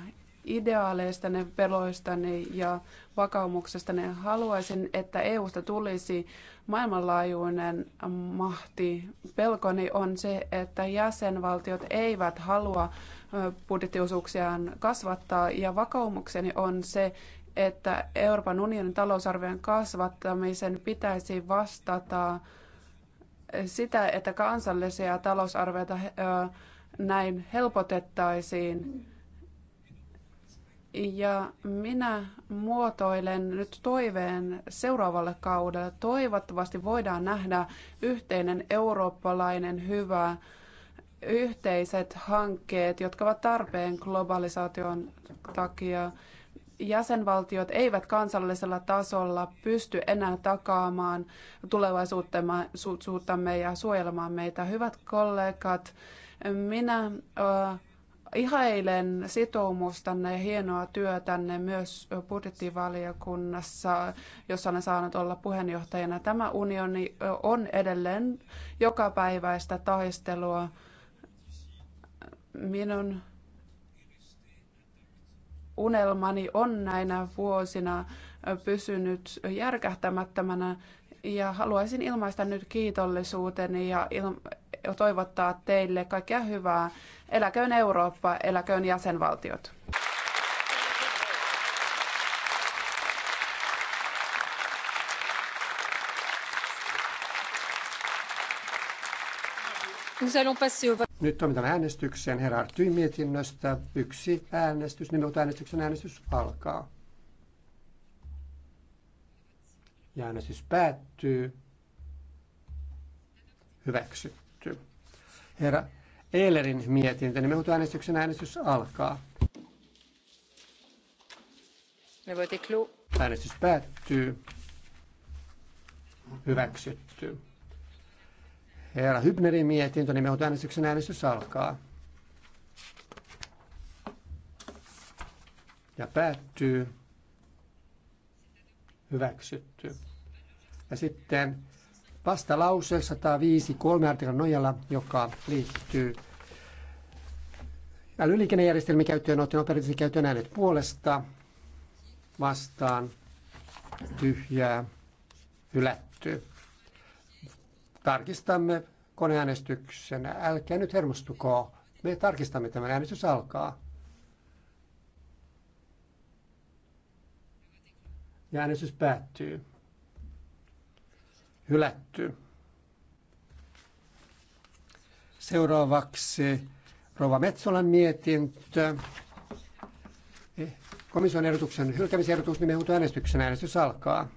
Speaker 1: ideaaleistanne, peloistani ja vakaumuksesta. Haluaisin, että EUsta tulisi maailmanlaajuinen mahti. Pelkoni on se, että jäsenvaltiot eivät halua budjettiosuuksiaan kasvattaa. Ja vakaumukseni on se, että Euroopan unionin talousarvion kasvattamisen pitäisi vastata sitä, että kansallisia talousarvioita näin helpotettaisiin. Ja minä muotoilen nyt toiveen seuraavalle kaudelle. Toivottavasti voidaan nähdä yhteinen eurooppalainen hyvä yhteiset hankkeet, jotka ovat tarpeen globalisaation takia. Jäsenvaltiot eivät kansallisella tasolla pysty enää takaamaan tulevaisuuttamme ja suojelemaan meitä. Hyvät kollegat, minä ihailen sitoumustanne ja hienoa työtänne myös budjettivaliokunnassa, jossa olen saanut olla puheenjohtajana. Tämä unioni on edelleen jokapäiväistä taistelua minun unelmani on näinä vuosina pysynyt järkähtämättömänä ja haluaisin ilmaista nyt kiitollisuuteni ja il- toivottaa teille kaikkea hyvää. Eläköön Eurooppa, eläköön jäsenvaltiot.
Speaker 2: Nyt toimitaan äänestykseen herra Artyin mietinnöstä. Yksi äänestys, Nimenomaan äänestyksen äänestys alkaa. Ja äänestys päättyy. Hyväksytty. Herra Eilerin mietintö, Nimenomaan äänestyksen äänestys alkaa. Äänestys päättyy. Hyväksytty. Herra Hybnerin mietintö, niin me äänestyksen äänestys alkaa. Ja päättyy. Hyväksytty. Ja sitten vastalause 105 153 artiklan nojalla, joka liittyy älyliikennejärjestelmien käyttöönottoon operatiivisen käyttöön äänet puolesta vastaan tyhjää hylätty tarkistamme koneäänestyksen. Älkää nyt hermostukoo. Me tarkistamme tämän. Äänestys alkaa. Ja äänestys päättyy. Hylätty. Seuraavaksi Rova Metsolan mietintö. Eh, komission ehdotuksen hylkämisehdotus nimenhuuto äänestyksen äänestys alkaa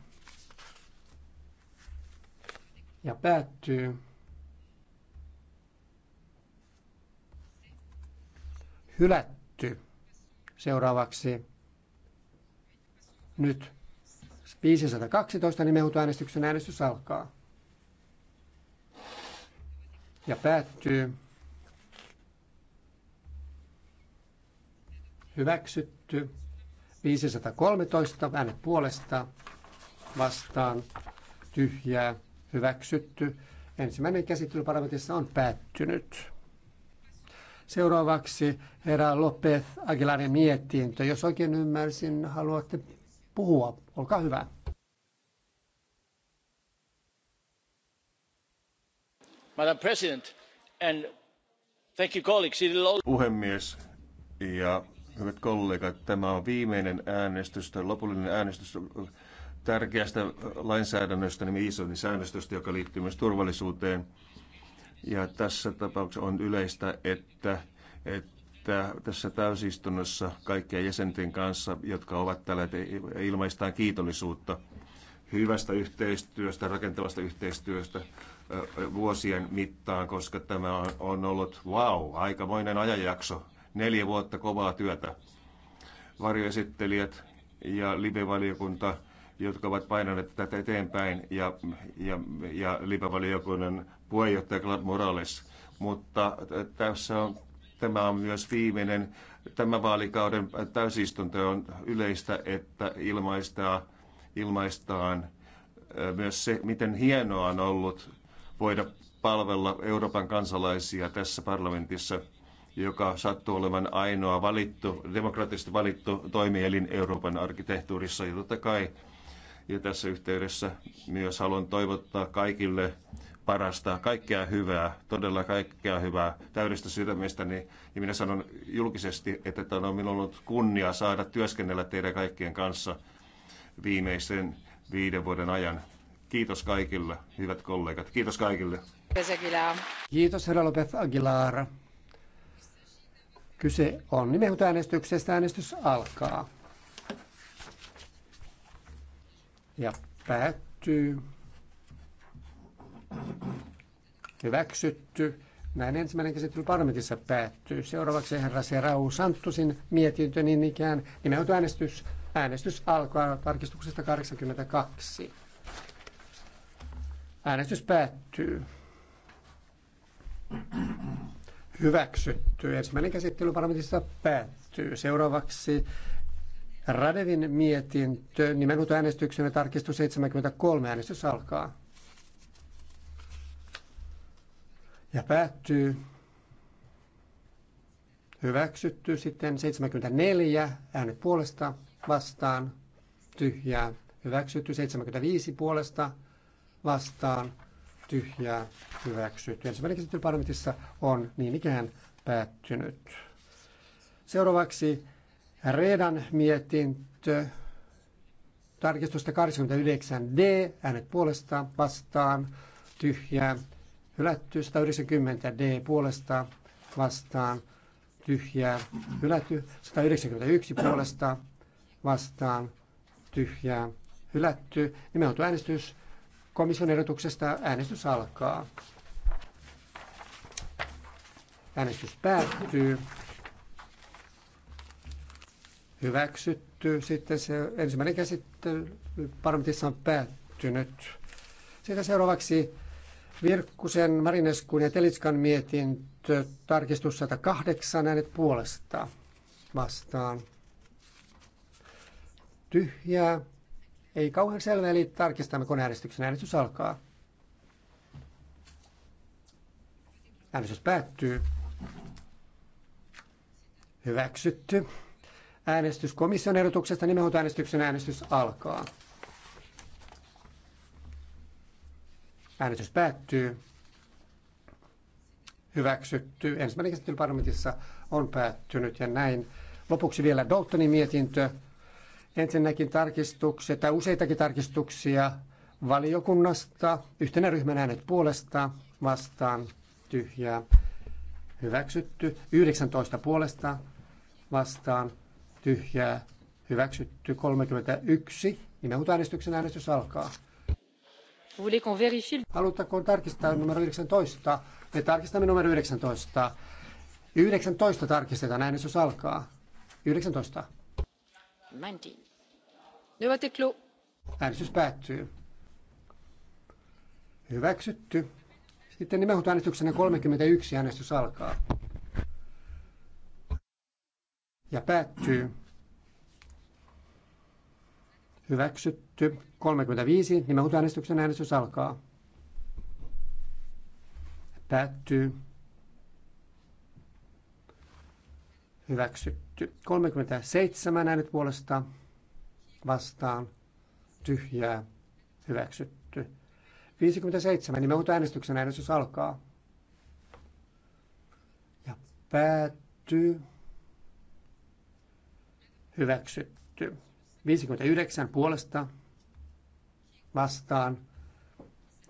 Speaker 2: ja päättyy. Hylätty. Seuraavaksi nyt 512 äänestyksen äänestys alkaa ja päättyy. Hyväksytty. 513 äänet puolesta vastaan tyhjää hyväksytty. Ensimmäinen käsittely parlamentissa on päättynyt. Seuraavaksi herra Lopez Aguilarin mietintö. Jos oikein ymmärsin, haluatte puhua. Olkaa hyvä.
Speaker 3: Madam President, and thank you colleagues. Puhemies ja hyvät kollegat, tämä on viimeinen äänestys, tai lopullinen äänestys tärkeästä lainsäädännöstä, nimi ISONin säännöstöstä, joka liittyy myös turvallisuuteen. Ja tässä tapauksessa on yleistä, että, että tässä täysistunnossa kaikkien jäsenten kanssa, jotka ovat täällä, ilmaistaan kiitollisuutta hyvästä yhteistyöstä, rakentavasta yhteistyöstä vuosien mittaan, koska tämä on ollut wow, aikamoinen ajanjakso. Neljä vuotta kovaa työtä. Varjoesittelijät ja live-valiokunta jotka ovat painaneet tätä eteenpäin, ja, ja, ja liipavaliokunnan puheenjohtaja Glad Morales. Mutta tässä on, tämä on myös viimeinen tämä vaalikauden täysistunto on yleistä, että ilmaistaa, ilmaistaan myös se, miten hienoa on ollut voida palvella Euroopan kansalaisia tässä parlamentissa, joka sattuu olevan ainoa valittu, demokraattisesti valittu toimielin Euroopan arkkitehtuurissa. Ja totta kai ja tässä yhteydessä myös haluan toivottaa kaikille parasta, kaikkea hyvää, todella kaikkea hyvää täydestä sydämestäni. Ja minä sanon julkisesti, että tämä on minulla ollut kunnia saada työskennellä teidän kaikkien kanssa viimeisen viiden vuoden ajan. Kiitos kaikille, hyvät kollegat. Kiitos kaikille.
Speaker 2: Kiitos, herra Lopez Aguilar. Kyse on nimenhuutoäänestyksestä. Äänestys alkaa. ja päättyy. Hyväksytty. Näin ensimmäinen käsittely parlamentissa päättyy. Seuraavaksi herra Serau Santtusin mietintö niin ikään nimenhoitu äänestys. Äänestys alkaa tarkistuksesta 82. Äänestys päättyy. Hyväksytty. Ensimmäinen käsittely parlamentissa päättyy. Seuraavaksi Radevin mietintö, nimenut äänestyksemme tarkistu 73, äänestys alkaa. Ja päättyy. Hyväksytty sitten 74, äänet puolesta, vastaan, tyhjää. Hyväksytty 75 puolesta, vastaan, tyhjää, hyväksytty. Ensimmäinen käsittely parlamentissa on niin ikään päättynyt. Seuraavaksi Redan mietintö, tarkistusta 89D, äänet puolesta, vastaan, tyhjää, hylätty 190D puolesta, vastaan, tyhjää, hylätty 191 puolesta, vastaan, tyhjää, hylätty. Nimenomaan äänestys komission ehdotuksesta äänestys alkaa. Äänestys päättyy hyväksytty. Sitten se ensimmäinen käsittely parlamentissa on päättynyt. Sitten seuraavaksi Virkkusen, Marineskun ja Telitskan mietintö, tarkistus 108, äänet puolesta vastaan. Tyhjää, ei kauhean selvä, eli tarkistamme koneäänestyksen äänestys alkaa. Äänestys päättyy. Hyväksytty äänestys komission ehdotuksesta. äänestyksen äänestys alkaa. Äänestys päättyy. Hyväksytty. Ensimmäinen käsittely parlamentissa on päättynyt ja näin. Lopuksi vielä Daltonin mietintö. Ensinnäkin tarkistukset tai useitakin tarkistuksia valiokunnasta. Yhtenä ryhmän äänet puolesta vastaan tyhjää. Hyväksytty. 19 puolesta vastaan tyhjää, hyväksytty 31. äänestyksen äänestys alkaa. Haluttakoon tarkistaa numero 19? Me tarkistamme numero 19. 19 tarkistetaan, äänestys alkaa. 19. 19. Äänestys päättyy. Hyväksytty. Sitten nimenhuutoäänestyksenä 31 äänestys alkaa ja päättyy. Hyväksytty. 35. äänestyksen äänestys alkaa. Päättyy. Hyväksytty. 37 äänet puolesta vastaan. Tyhjää. Hyväksytty. 57. äänestyksen äänestys alkaa. Ja päättyy hyväksytty. 59 puolesta vastaan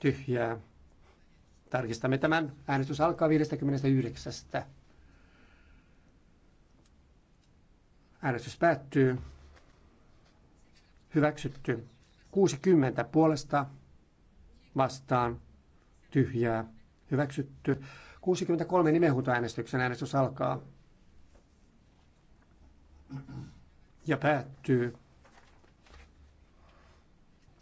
Speaker 2: tyhjää. Tarkistamme tämän. Äänestys alkaa 59. Äänestys päättyy. Hyväksytty. 60 puolesta vastaan tyhjää. Hyväksytty. 63 nimenhuutoäänestyksen äänestys alkaa ja päättyy.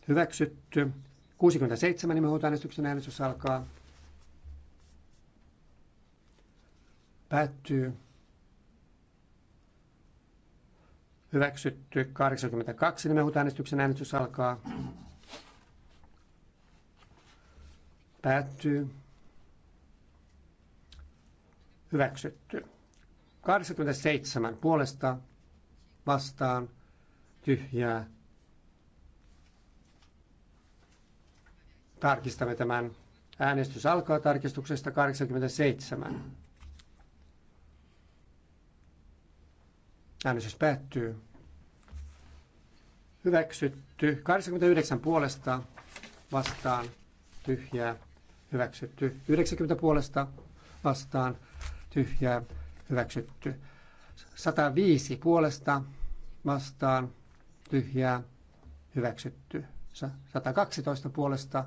Speaker 2: Hyväksytty. 67 äänestyksen äänestys alkaa. Päättyy. Hyväksytty. 82 äänestyksen äänestys alkaa. Päättyy. Hyväksytty. 87 puolesta vastaan tyhjää. Tarkistamme tämän. Äänestys alkaa tarkistuksesta 87. Äänestys päättyy. Hyväksytty. 89 puolesta vastaan tyhjää. Hyväksytty. 90 puolesta vastaan tyhjää. Hyväksytty. 105 puolesta vastaan tyhjää hyväksytty. 112 puolesta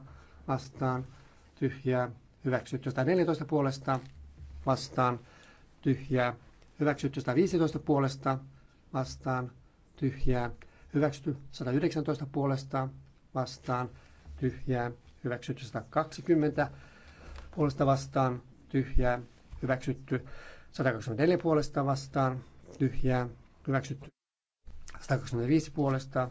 Speaker 2: vastaan tyhjää hyväksytty. 114 puolesta vastaan tyhjää hyväksytty. 115 puolesta vastaan tyhjää hyväksytty. 119 puolesta vastaan tyhjää hyväksytty. 120 puolesta vastaan tyhjää hyväksytty. 124 puolesta vastaan, tyhjää, hyväksytty. 125 puolesta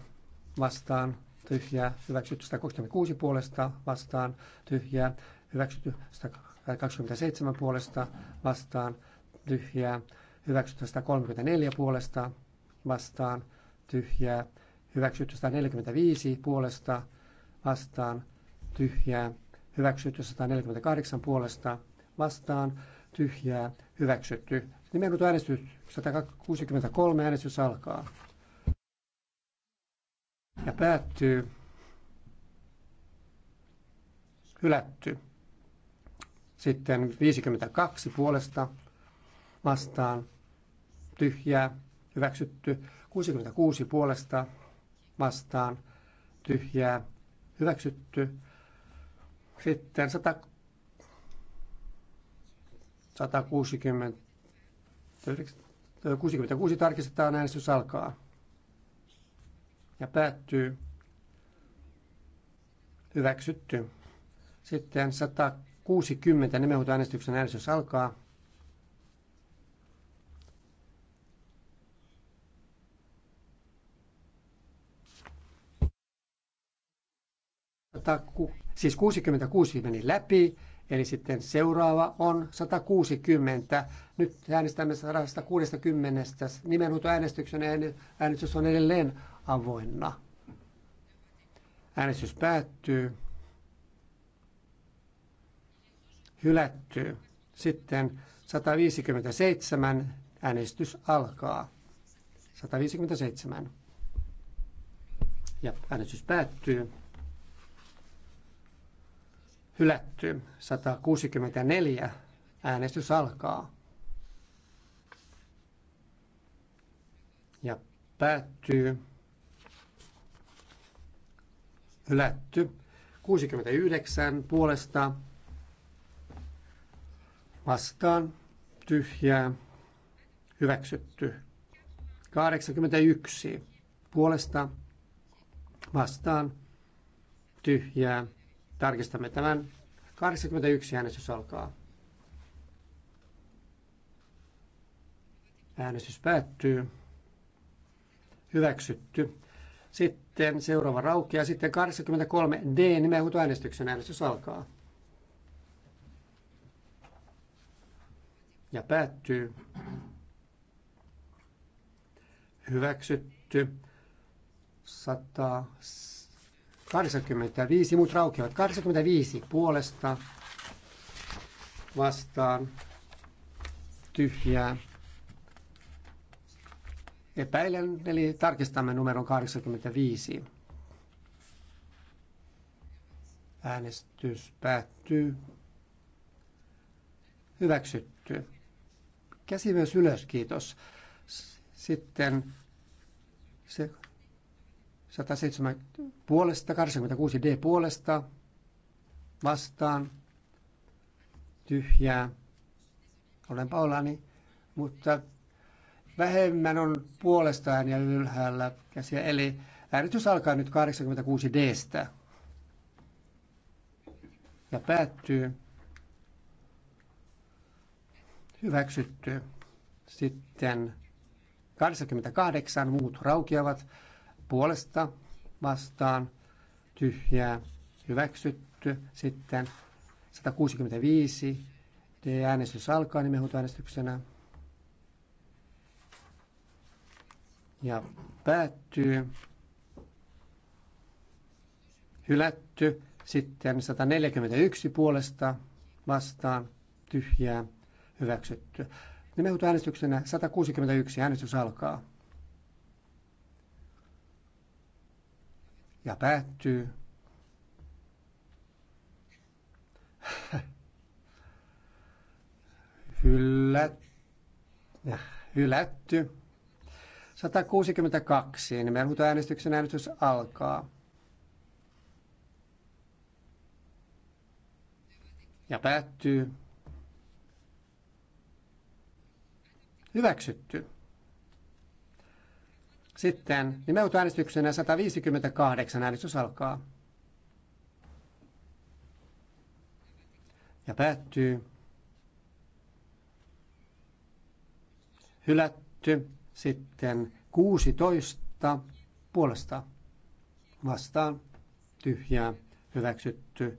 Speaker 2: vastaan, tyhjää, hyväksytty. 126 puolesta vastaan, tyhjää, hyväksytty. 127 puolesta vastaan, tyhjää, hyväksytty. 134 puolesta vastaan, tyhjää, hyväksytty. 145 puolesta vastaan, tyhjää, hyväksytty. 148 puolesta vastaan, tyhjää, hyväksytty. Nimenut äänestys 163, äänestys alkaa. Ja päättyy. Hylätty. Sitten 52 puolesta vastaan tyhjää, hyväksytty. 66 puolesta vastaan tyhjää, hyväksytty. Sitten 100 166 tarkistetaan, äänestys alkaa ja päättyy. Hyväksytty. Sitten 160 nimenhuutoäänestyksen äänestys alkaa. Siis 66 meni läpi, Eli sitten seuraava on 160. Nyt äänestämme 160. Nimenhuutoäänestyksen äänestys on edelleen avoinna. Äänestys päättyy. Hylättyy. Sitten 157. Äänestys alkaa. 157. Ja äänestys päättyy. Hylätty 164. Äänestys alkaa. Ja päättyy. Hylätty 69 puolesta vastaan tyhjää hyväksytty 81 puolesta vastaan tyhjää Tarkistamme tämän. 81 äänestys alkaa. Äänestys päättyy. Hyväksytty. Sitten seuraava ja Sitten 83 D nimenhuuto äänestyksen äänestys alkaa. Ja päättyy. Hyväksytty. 100 85, muut raukeavat. 85 puolesta vastaan tyhjää. Epäilen, eli tarkistamme numeron 85. Äänestys päättyy. Hyväksytty. Käsi myös ylös, kiitos. Sitten se 107 puolesta, 86 D puolesta, vastaan, tyhjää. Olen paolani, mutta vähemmän on puolesta ääniä ylhäällä käsiä, eli äänestys alkaa nyt 86 Dstä ja päättyy. Hyväksytty. Sitten 88 muut raukeavat puolesta vastaan tyhjää hyväksytty. Sitten 165 D-äänestys alkaa nimenhuutoäänestyksenä ja päättyy. Hylätty. Sitten 141 puolesta vastaan tyhjää hyväksytty. Nimenhuutoäänestyksenä 161 äänestys alkaa. ja päättyy. Hyllät, hylätty. 162. äänestyksen äänestys alkaa. Ja päättyy. Hyväksytty. Sitten äänestyksenä 158 äänestys alkaa. Ja päättyy. Hylätty. Sitten 16 puolesta vastaan. Tyhjää. Hyväksytty.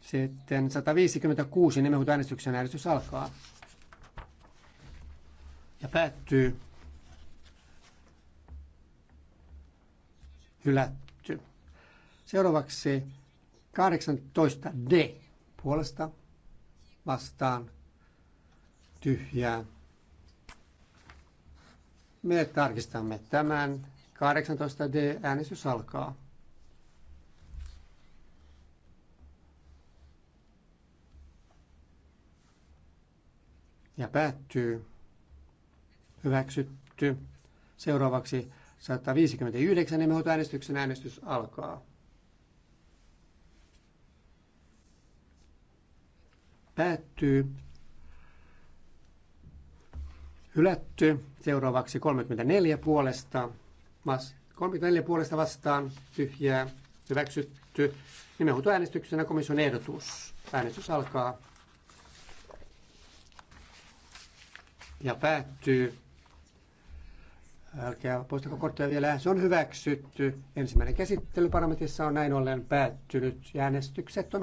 Speaker 2: Sitten 156 nimenhuutoäänestyksen äänestys alkaa ja päättyy. Hylätty. Seuraavaksi 18 D puolesta vastaan tyhjää. Me tarkistamme tämän. 18 D äänestys alkaa. ja päättyy hyväksytty. Seuraavaksi 159 nimenhoitoäänestyksen äänestys alkaa. Päättyy. Hylätty. Seuraavaksi 34 puolesta. 34 puolesta vastaan tyhjää. Hyväksytty. Nimenhoitoäänestyksenä komission ehdotus. Äänestys alkaa. Ja päättyy Älkää poistako kortteja vielä. Se on hyväksytty. Ensimmäinen käsittely parlamentissa on näin ollen päättynyt äänestykset on